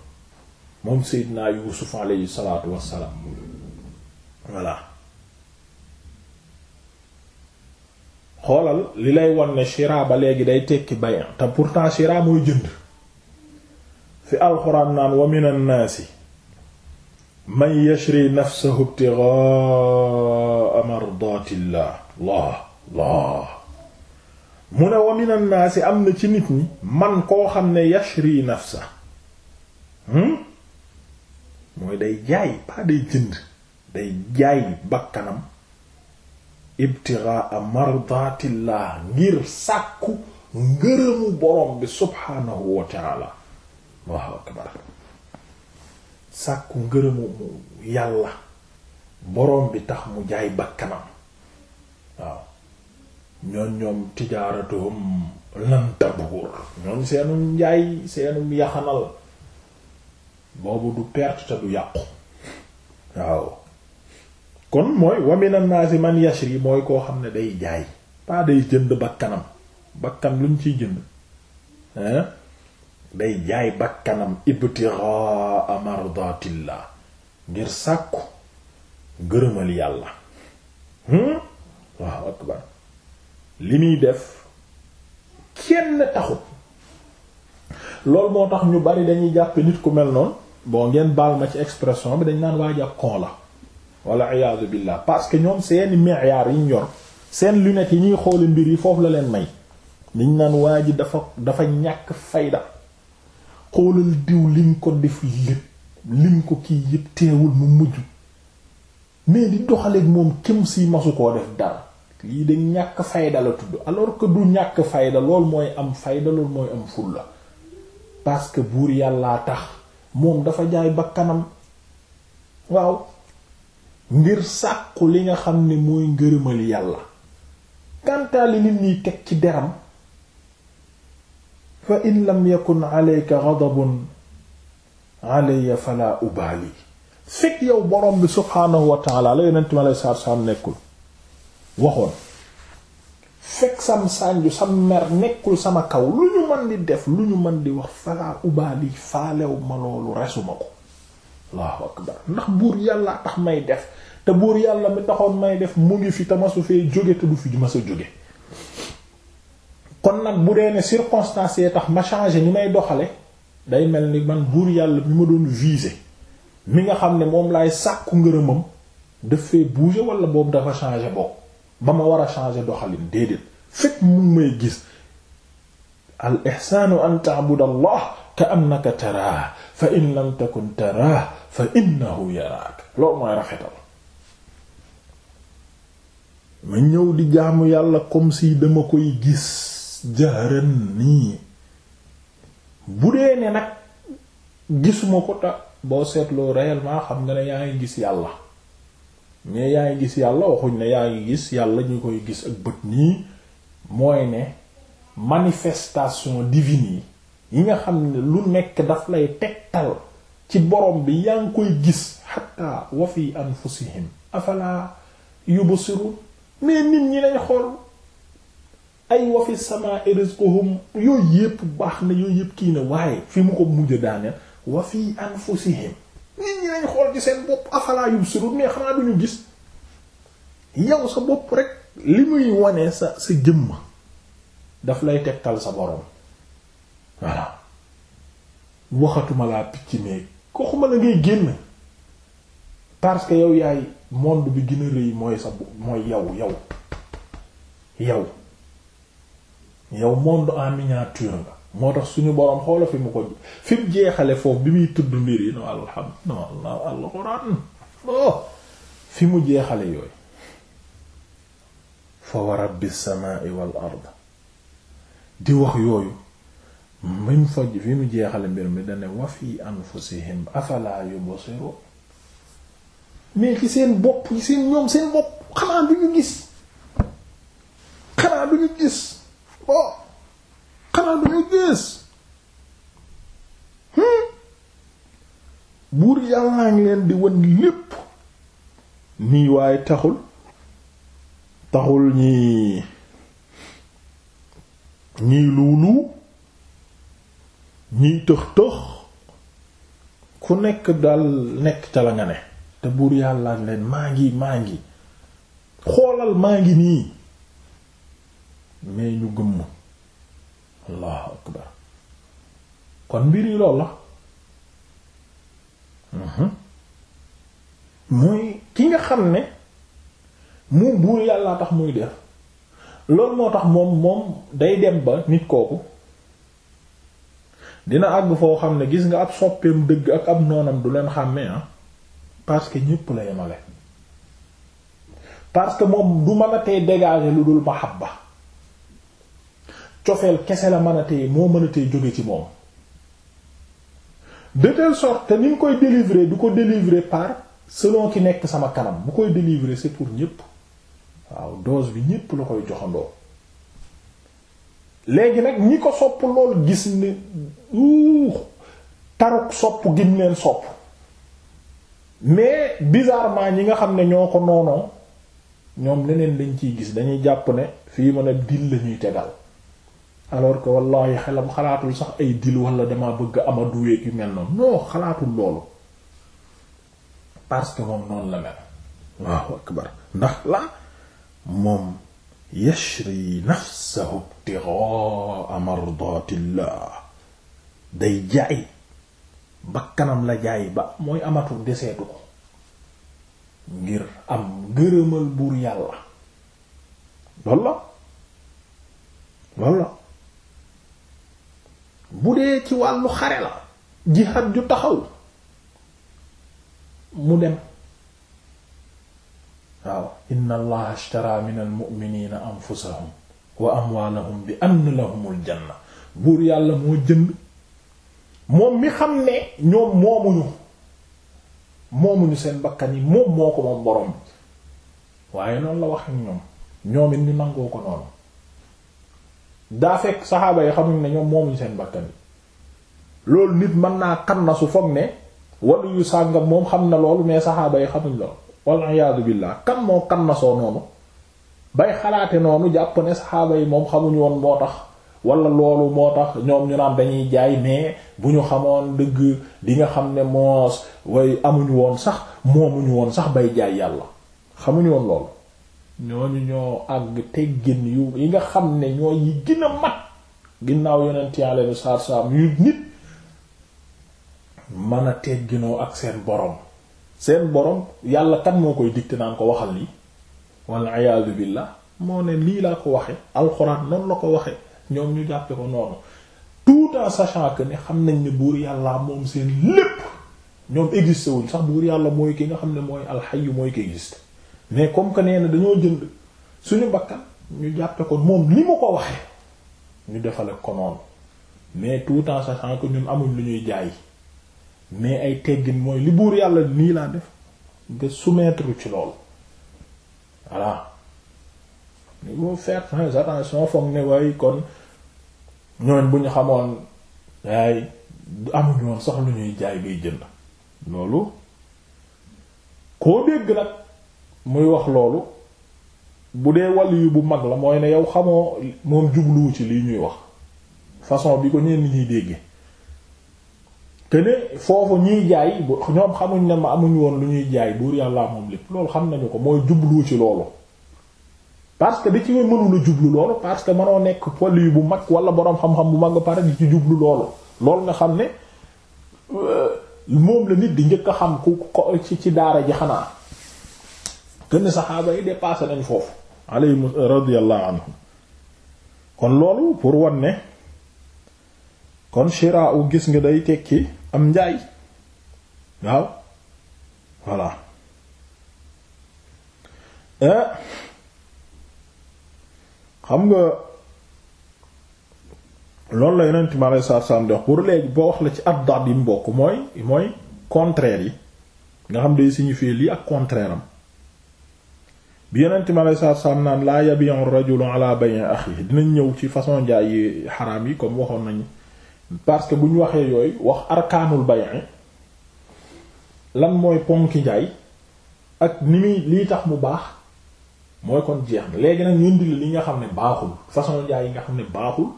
moom Seydina Yuusuf alayhi salaatu wassalaam voilà xoolal li lay won ne shira ba léegi day tekki bayan te pourtant shira mooy jënd fi alxuraan naan wa min annaasi man yashri nafsahu ibtighaa mardaatillah Allah Allah mu ne wa min annaasi am na ci nit ñi man koo xam ne yashri nafsa hmm? mooy day jaay pas day jënd day jaay bakkanam ibtiraa mardatillah ngir sàkku ngërëmu borom bi subhaanahu wa sàkku ngërëmu yàlla borom bi tax mu jaay bakkanam waaw ñoon ñoom tijaaratuhum lan tabur ñoom seenum njaay seenum yaxanal boobu du perte du yàqu waaw kon mooy waminan naasi man yashri mooy koo xam ne day jaay pas bakkanam bakkan luñ ciy jënd hein day jaay bakkanam ibtiraa mardatillah ngir sàkku gërëmal yàlla hmm waaw akbar li muy def kenn taxut loolu moo tax ñu bari dañuy jàpp nit ku mel noonu bon ngeen baal ma ci expression bi dañ naan waa jàpp koo la wala iyaadu billah parce que ñoom seeni miyaar yi ñu yor seen lunette yi ñuy xoole mbir yi foofu la leen may liñ naan waa ji dafa dafa ñàkk fayda xoolal diw liñ ko def lépp liñ ko kii yëpp teewul mu mujj mais di doxaleeg moom kem si masu koo def dara lii de ñàkk fayda la tudd alors que du ñàkk fayda lool mooy am fayda lool mooy am fulla parce que buur yàlla tax moom dafa jaay ba kanam waaw ngir sàkku li nga xam ni mooy ngërëmal yàlla kantaali nit ñiy teg ci deram fa in lam yakun alayka ghadabun alayya fala ubaali fekk yow borom bi subhaanahu wa ta'ala la yonent mi alayhi salaatu wa nekkul waxoon fekk sam sànju sam mer nekkul sama kaw lu ñu mën di def lu ñu man di wax falaa ubaali faalew ma loolu resuma ko allahu akbar ndax buur yàlla tax may def te buur yàlla mi taxoon may def mu ngi fi tamasu fee jóge te du fi ma sa jóge kon nag bu dee ne circonstances yee tax ma changé ni may doxale day mel ni man buur yàlla mi ma doon viser mi nga xam ne moom laay sàkku ngërëmam daf fee bouger wala boobu dafa changé boobu ba ma war a changer doxalin déedéet fekk mu may gis al ihsaanu an ta'buda allah ka annaka taraa fa in lam takun taraa fa innahu yaraak loolu mooy rafetal ma ñëw di jaamu yàlla comme si dama koy gis jaran nii bu dee ne nag gisuma ko ta boo seetloo réellement xam nga ne yaa ngi gis yàlla mais yaa ngi gis yàlla waxuñ ne yaa ngi gis yàlla ñu koy gis ak bët nii mooy ne manifestation divine yi yi nga xam ne lu nekk daf lay tegtal ci borom bi yaa ngi koy gis xatta wa fi anfusihim afala yubsirun mais nit ñi lañ xool ay wa fi samaa'i rizquhum yooyu yépp baax na yooy yépp kii ne waaye fi mu ko mujj daaneel wa fi anfusihim nit ñi lañ xool ci seen bopp afalaa yubsirun mais xanaa du ñu gis yow sa bopp rek li muy wane sa sa jëmm daf lay tegtal sa borom voilà waxatuma laa picc néeg koxuma la ngay génn parce que yow yaay monde bi gën a rëy mooy sa mooy yow yow yow yow monde en miniature moo tax suñu boroom xoola fi mu ko fi mu jeexale foofu bi muy tudd mbir yi no alhamd no allah alquran oh, fi mu jeexale yooyu fa wa rabbi samai wal ard di wax yooyu mim fa fi mu jeexale mbir mi dane wa fi anfusihim afala yubsiru mais ci seen bopp ci seen ñoom seen bopp xanaa du ñu gis xanaa du ñu gis oh. xanaa hmm? buur yàllaa ngi leen di wan lépp nii waaye taxul taxul ñii ñii luulu ñii tëx tëx ku nekk daal nekk ca la nga ne te buur yàllaa ngi leen maa ngi maa ngi xoolal maa ngi nii mais ñu gëmm allahu akbar kon mbir yi loolu la mhm. muy ki nga xam ne mu buur yàlla tax muy def loolu moo tax moom moom day dem ba nit kooku dina àgg foo xam ne gis nga ab soppeem dëgg ak ab noonam du leen xàmmee ah parce que ñépp la yemale parce moom du ma la tey dégager lu dul mahabba cofeel kese la mën moo mën a jóge ci moom de telle te niñ koy délivrer du ko délivrer par selon ki nekk sama kanam bu koy délivrer c'est pour ñépp waaw dose bi ñépp lu koy joxandoo léegi nag ñi ko sopp lool gis ni u taruk sopp gin leen sopp mais bizarrement ñi nga xam ne ñoo ko noonoo ñoom leneen lañ ciy gis dañuy jàpp ne fii mën a dil la ñuy tegal alors que wallahi xelam xalaatul sax ay dil wala dama bëgg ama duweeg yu mel noonu non xalaatul loolu parce que moom noonu la mel waaw akbar ndax la moom yashri nafsahu ibtighaa mardatillah day jaay ba kanam la jaay ba mooy amatul deseetu ko ngir am ngërëmal buur yàlla loolu la loolu la bu dee ci wàllu xare la jihad ju taxaw mu dem waaw inna allaha ashtara min almu'minina anfusahum wa amwaalahum bi la lahumul janna buur yàlla moo jënd moom mi xam ne ñoom moomuñu moomuñu seen bakkan yi moom moo ko moom borom waaye noonu la wax ak ñoom ñoom it nangoo ko noonu daa fekk saxaaba yi xamuñ ne ñoom moomuñ seen bakkan yi loolu nit mën naa kan na su foog ne wala yu sàngam moom xam na loolu mais saxaaba yi xamuñ loolu wal iyaadu billah kan na soo noonu xalaate noonu jàpp ne yi moom xamuñ woon moo tax wala loolu moo tax ñoom ñu naan dañuy jaay mais bu ñu xamoon dëgg di nga xam ne moos way amuñ woon sax moomuñ woon sax bay jaay yàlla xamuñu woon loolu ñooñu ñoo àgg teggin yu yi nga xam ne ñoo yi gën a mat ginnaaw yonent yàlla bi saar saar yu nit mën a tegginoo ak seen borom seen borom yàlla kan moo koy dicté naan ko waxal lii walla iyaadu billah moo ne lii laa ko waxe alxuraan noonu la ko waxe ñoom ñu jàppe ko noonu tout en sachant que ne xam nañ ne buur yàlla moom seen lépp ñoom existé wuñ sax buur yàlla mooy ki nga xam ne mooy alxayu mooy ko existe mais comme que nee na dañoo jënd suñu bakkan ñu jàppe ko moom li mu ko waxee ñu defale ko noonu mais tout temps sachant que ñun amuñ lu ñuy jaay mais ay teggin mooy li buur yàlla nii laa def nga soumettre ci loolu voilà il faut faire très attention foog ne waaye kon ñooñ bu ñu xamoon yaay amuñu woon sax lu ñuy jaay bay jënd loolu koo dégg nag muy wax loolu bu dee wàllu yu bu mag la mooy ne yow xamoo moom jubluwu ci lii ñuy wax façon bi ko ñeen ñuy dégge te foofu ñuy jaay ñoom xamuñ ne ma amuñ woon lu ñuy jaay buur yàlla moom lépp loolu xam nañu ko mooy jubluwu ci loolu parce que di ci mënula jublu loolu parce que mënoo nekk wàllu yu bu mag wala boroom xam-xam bu mag ba pare di ci jublu loolu loolu nga xam ne euh, moom la nit di njëkk a xam ci ci daara ji xanaa kenn saxaaba yi dépassé nañ foofu alayhim radiyallahu anhum kon loolu pour wan ne kon shira u gis nga day tekki am njaay waaw voilà eh. xam nga loolu la yonent mi alayhi salaatu salaam di pour léegi boo wax la ci addaat yi mu bokk mooy mooy contraire yi nga xam day signifier lii ak contraire am bi yonent mi aleyhi salaatu salaam naan laa yabi'u rajulu ala bay'i axi dinañ ñëw ci façon jaay yi xaraam yi comme waxoon nañu parce que bu ñu waxee yooyu wax arkaanul bay'i lan mooy ponki jaay ak ni muy lii tax mu baax mooy kon jeex na léegi nag ñu indil li nga xam ne baaxul façon jaay yi nga xam ne baaxul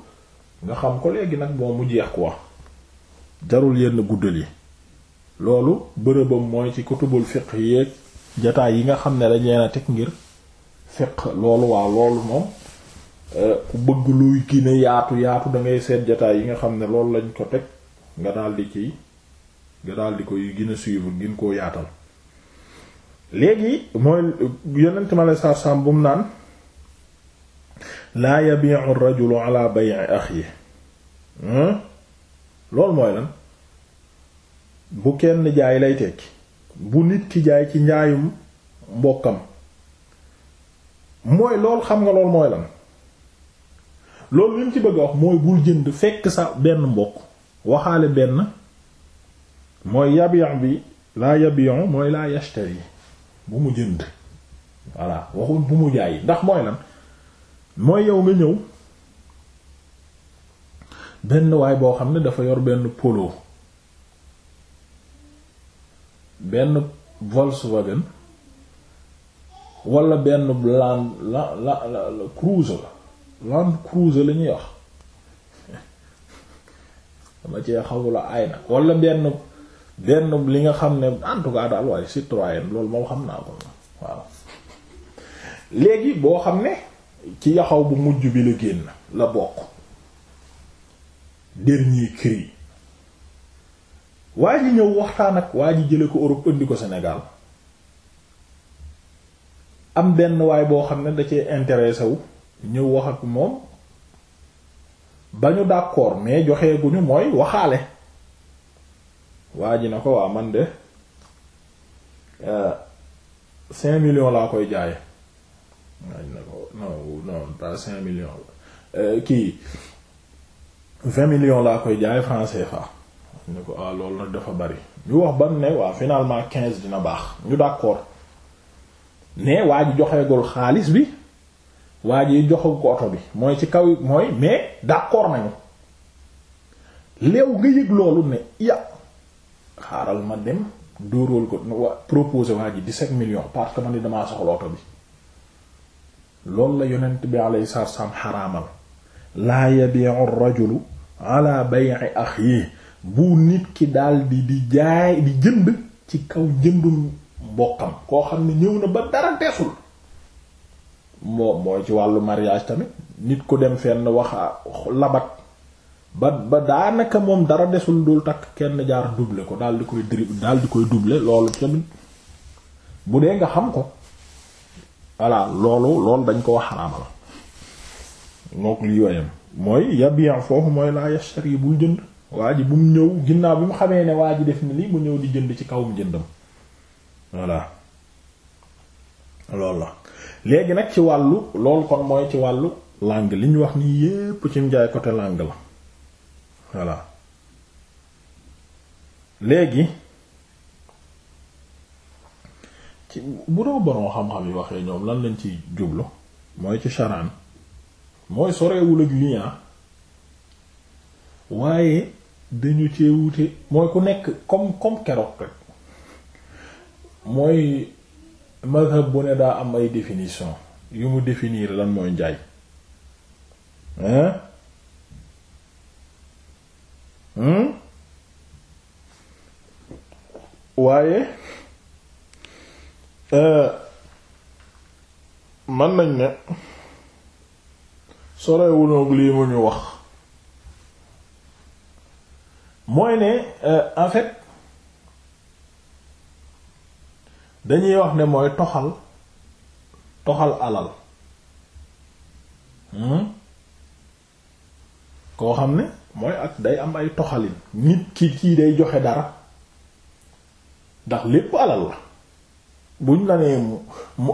nga xam ko léegi nag moom mu jeex quoi jarul yenn guddal yi loolu bërëbam mooy ci kutubul fiqh yeeg jataay yi nga xam ne dañ leen a teg ngir fiq loolu waaw loolu moom euh, ku bëgg luy kii ne yaatu yaatu da ngay seet jataay yi nga xam ne loolu lañ ko teg nga daal di ciy nga daal di koy gën a suivre koo yaatal léegi mooy yonent ma lay sarsam bu mu naan laa yabi'u ar-rajulu ala bay'i akhihi hmm? loolu mooy lan bu kenn jaay lay tekki bu nit ki jaay ci njaayum mbokkam mooy lool xam nga lool mooy lan loolu li mu ci bëgg a wax mooy bul jënd fekk sa benn mbokk waxaale benn mooy yabiyan bi laa yabiyan mooy laa yashtari bu mu jënd voilà waxul bu mu jaay ndax mooy lan mooy yow nga ñëw benn waay boo xam ne dafa yor benn polo benn Volkswagen wala benn land la la la cruiser la land cruiser la ñuy wax dama cee xawula ay na wala benn benn li nga xam ne en tout cas daal waaye Citroën loolu moom xam naa ko waaw léegi boo xam ne ci yaxaw bu mujj bi la génn la bokk dernier cri waa ji ñëw waxtaan ak waa ji jële ko Europe indi ko Sénégal am benn waay boo xam ne da cee intéressé wu ñëw wax ak moom ba ñu d'accord mais joxee guñu mooy waxaale waa ji na ko waa man de euh, cinq millions laa koy jaay waa ji na ko non non pas cinq millions euh, kii vingt millions laa koy jaay francs fa ñu ko ah loolu nag dafa bari ñu wax ban ne waa finalement quinze dina baax ñu d'accord mais waa joxeegul xaalis bi waa ji joxu ko oto bi mooy ci kaw mooy mais d'accord nañu léew nga yëg loolu ne ya xaaral ma dem dóoróol ko proposer waa ji 17 millions parce que man ni damaa soxla oto bi loolu la yonent bi alayhi salaatu xaraamal laa yabi'u rajulu ala bay'i akhihi bu nit ki daal di di jaay di jënd ci kaw jëndum mbokkam koo xam ne ñëw na ba dara desul moo mooy ci wàllu mariage tamit nit ku dem fenn wax labat ba ba daanaka moom dara desul dul takk kenn jaar double ko daal di koy dribble daal di koy double loolu tamit bu dee nga xam ko voilà loolu lool dañ ko wax xaraama la mook li yooyam mooy yabian foofu mooy laa yashtari bul jënd waa ji bu mu ñëw ginnaaw bi mu xamee ne waa ji def ni lii mu ñëw di jënd ci kawum jëndam voilà loolu la léegi nag ci wàllu loolu kon mooy ci wàllu langue li ñu wax nii yépp ci njaay côté langue la voilà léegi ci bu doo borom xam-xam yi waxee ñoom lan lañ ci jublu mooy ci charaan mooy sorewul ak lii waaye dañu ci wute mooy ku nekk comme comme keroog rek mooy mazhab bu ne daa am ay définition yu mu définir lan mooy njaay hein hmm waaye euh, mën nañ ne sorewunoog lii mu ñu wax mooy ne euh, en dañuy wax ne mooy toxal toxal alal hmm? koo xam ne mooy ak day am ay toxalin nit ki kii day joxe dara ndax lépp alal la buñ la nee mu mu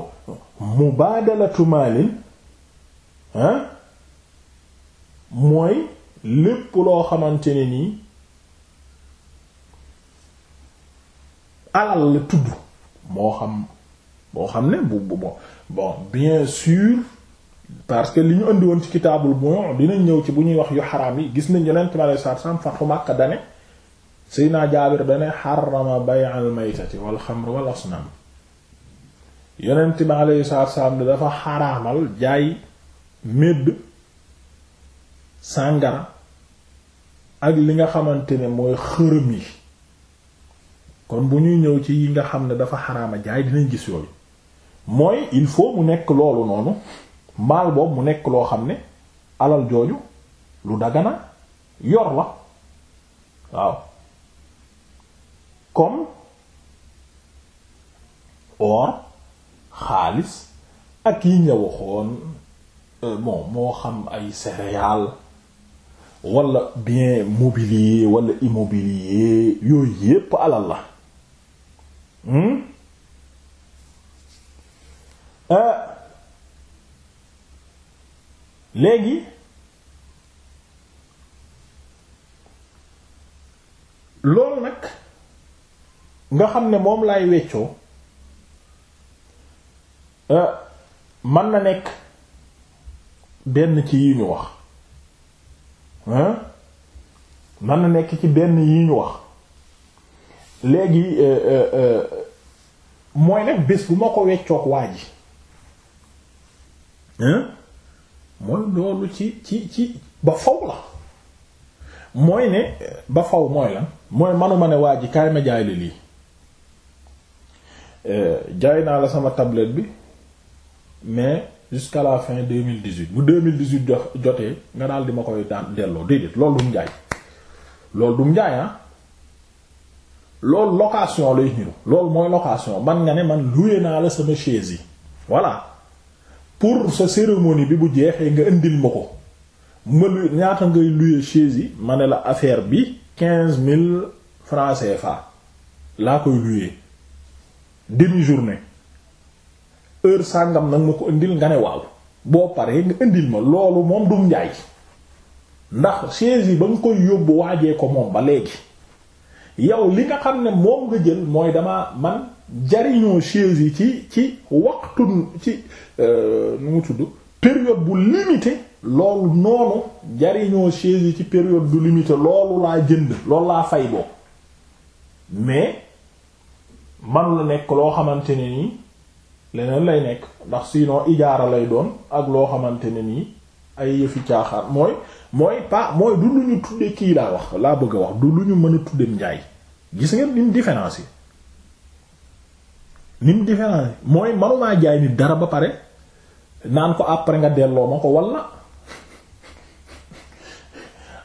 mubaadalatu maalin hein mooy lépp loo xamante ne nii alal la tudd moo xam boo xam ne bu bu bon bien sûr parce que li ñu indi woon ci kitaabul buyu dinañ ñëw ci bu ñuy wax yu xaram yi gis nañ yeneen tamit saa sam fatu Makka dane Seydina Jaabir dane xarama bay'al maytati wal xamr wal asnam yonent bi alayhi salaatu salaam dafa xaraamal jaay médd sàngara ak li nga xamante ne mooy xërëm yi kon bu ñuy ñëw ci yi nga xam ne dafa xaraama jaay dinañ gis yooyu mooy il faut mu nekk loolu noonu maal boobu mu nekk loo xam ne alal jooju lu dagana yor la waaw comme or xaalis ak yi ña waxoon euh, bon moo xam ay céréales wala bien mobilier wala immobilier yooyu yépp alal la Hmm? Euh, léegi loolu nag nga xam ne moom laay weccoo euh, man na nekk benn ci yi ñu wax mën na nekk ci benn yi ñu wax léegi euh, euh, euh, mooy nag bés bu ma ko weccoog waa ji mooy loolu ci ci ci ba faw la mooy ne ba faw mooy lan mooy manuma ne waa ji kaay ma jaay la lii jaay naa la sama tablette bi mais jusqu'à la fin 2018 bu 2018 jotee nga daal di ma koy daan delloo déedéet loolu dum jaay loolu dum jaay ah loolu location lay niru loolu mooy location ban nga ne man loué naa la sama chaise yi voilà pour sa cérémonie bi bu jeexee nga indil ma ko ma ñaata ngay loué chaise yi ma ne la affaire bi quinze mille francs fa laa koy loué demi journée heure sàngam nag ma ko indil nga ne waaw boo paree nga indil ma loolu moom dum njaay ndax chaise yi ba nga koy yóbbu waajee ko moom ba léegi. yow li nga xam ne moom nga jël mooy dama man jariñoo chaise yi ci ci waxtu ci euh, nu mu tudd période bu limité loolu noonu jariñoo chaise yi ci période bu limité loolu laa jënd loolu laa fay boo mais man la nekk loo xamante ne nii leneen lay nekk ndax sinon ijaara lay doon ak loo xamante ne nii ay yëfi caaxaan mooy mooy pas mooy du lu ñu tudde kii laa wax laa bëgg a wax du lu ñu mën a tudde njaay gis ngeen nim différence yi nim différence yi mooy manumaa jaay ni dara ba pare naan ko après nga delloo ma ko walla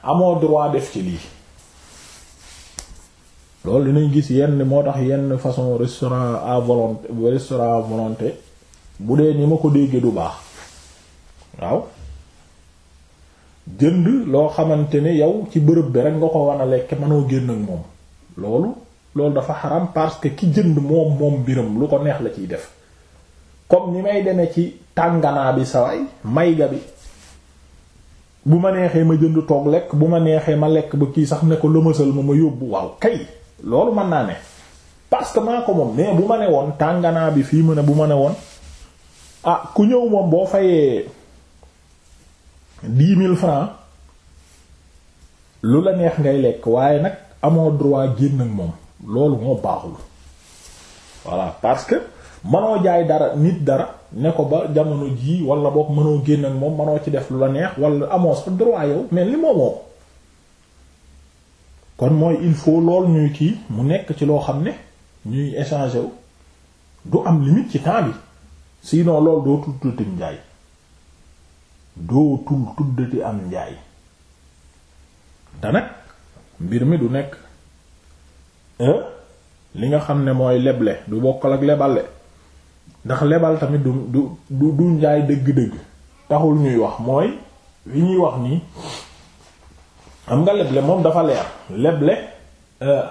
amoo droit def ci lii loolu dinañ gis yenn moo tax yenn façon restaurant à volonté restaurant volonté bu dee ni ma ko déggee du baax waaw jënd loo xamante ne yow ci bërëb bi rek nga ko wan a lekk mënoo génn ak moom loolu loolu dafa xaram parce que ki jënd moom moom biram lu ko neex la ciy def comme ni may demee ci tànganaa bi saway mayga bi bu ma neexee ma jënd toog lekk bu ma neexee ma lekk ba kii sax ne ko lëmasal ma ma yóbbu waaw kay loolu mën naa ne parce que maa ko moom mais bu ma ne woon tànganaa bi fii mu ne bu ma ne woon ah ku ñëw moom boo fayee dix mille francs lu la neex ngay lekk waaye nag amoo droit génn ak moom loolu moo baaxul voilà parce que mënoo jaay dara nit dara ne ko ba jamono jii wala boog mënoo génn ak moom mënoo ci def lu la neex wala amoo sa droit yow mais li moomoo kon mooy il faut lool ñuy kii mu nekk ci loo xam ne ñuy échanger wu du am limite ci temps bi sinon loolu doo tudd tudd njaay dootul tuddati am njaay te nag mbir mi du nekk euh, li nga xam ne mooy leble du bokkal ak lebale ndax lebal tamit du du du njaay dëgg-dëgg taxul ñuy wax mooy li ñuy wax nii am nga leble moom dafa leer leble euh,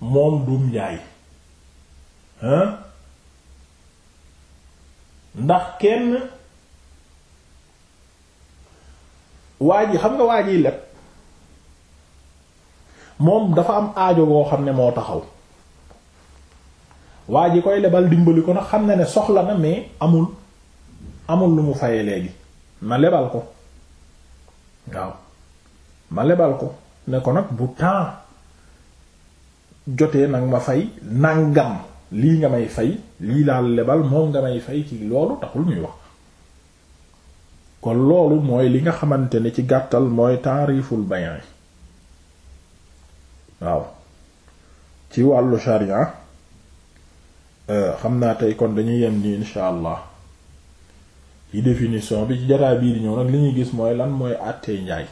moom du njaay hein ndax kenn waa ji xam nga waa jiy leb moom dafa am aajo goo xam ne moo taxaw waa ji koy lebal dimbali ko nag xam na ne soxla na mais amul amul lu mu fayee léegi ma lebal ko waaw ma lebal ko ne ko nag bu temps jotee nag ma fay nangam lii nga may fay lii daal lebal moom nga may fay ci loolu taxul muy wax kon loolu mooy li nga xamante ne ci gàttal mooy taariful bayan waaw ci wàllu sharia xam naa tey kon dañuy yem ni insha allah ci définition bi ci jataay bii di ñëw nag li ñuy gis mooy lan mooy àttee njaay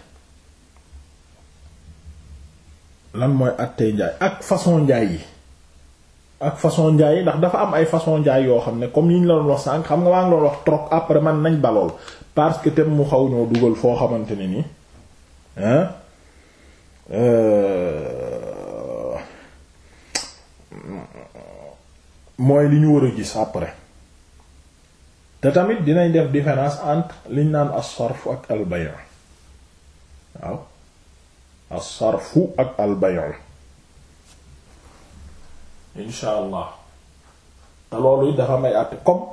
lan mooy àttee njaay ak façon njaay yi ak façon njaay yi ndax dafa am ay façon njaay yoo xam ne comme yi ñu la doon wax sànq xam nga maa ngi doon wax trop après man nañ balool parce que tem mu xaw ñoo dugal foo xamante ne ni hein euh, mooy li ñu war a gis après te tamit dinañ def différence entre liñ naan as-sarf ak al-bay' waaw as-sarfu ak al insha allah te loolu dafa may àtte comme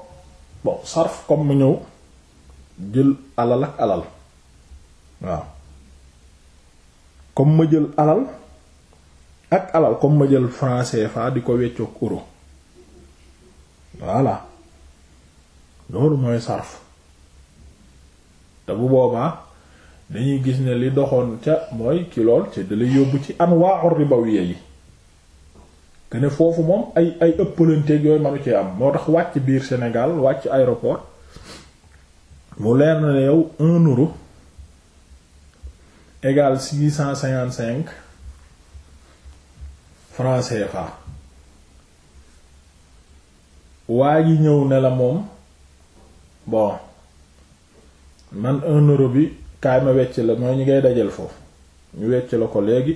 bon sarf comme mu ñëw jël alal ak alal waaw comme ma jël alal ak alal comme ma jël franc fa di ko weccoog euro voilà loolu mooy sarf te bu boobaa dañuy gis ne li doxoon ca mooy ci lool ci dalay yóbbu ci anwa'u ribawiyya yi que ne foofu moom ay ay ëppalanteeg yooyu manu ci am moo tax wàcc biir senegal wàcc aéroport mu leer na ne yow un euro égal six cent cinquante cinq francs CFA waa ji ñëw ne la moom bon man un euro bi kaay ma wecc la mooy ñu ngay dajal foofu ñu wecc la ko léegi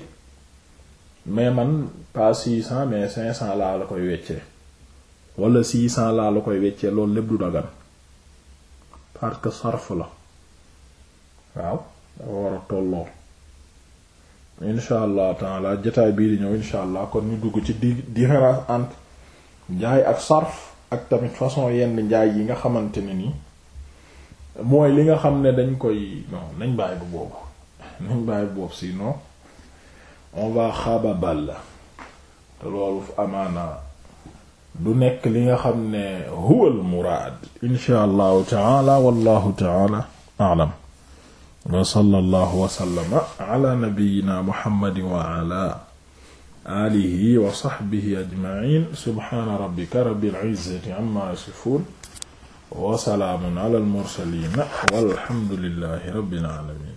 mais man pas six cent mais cinq cent laa la koy weccee wala six cent laa la koy weccee loolu lépp du dagan parce que sarf la waaw dafa war a tolloo insha allah taala jotaay bii di ñëw insha allah kon ñu dugg ci di entre njaay ak sarf ak tamit façon yenn njaay yi nga xamante ne nii mooy li nga xam ne dañ koy non nañ bàyyi bu boobu nañ bàyyi bu boobu sinon on va xaababal la te loolu amaana du nekk li nga xam ne huwal muraad insha allahu taala wallahu taala a'lam wa sallallahu wa sallama ala nabiyyina muhammadin wa ala alihi wa sahbihi ajma'in subhana rabbika rabbil izzati amma yasifun wa salaamun ala al mursalin walhamdulillahi rabbil alamin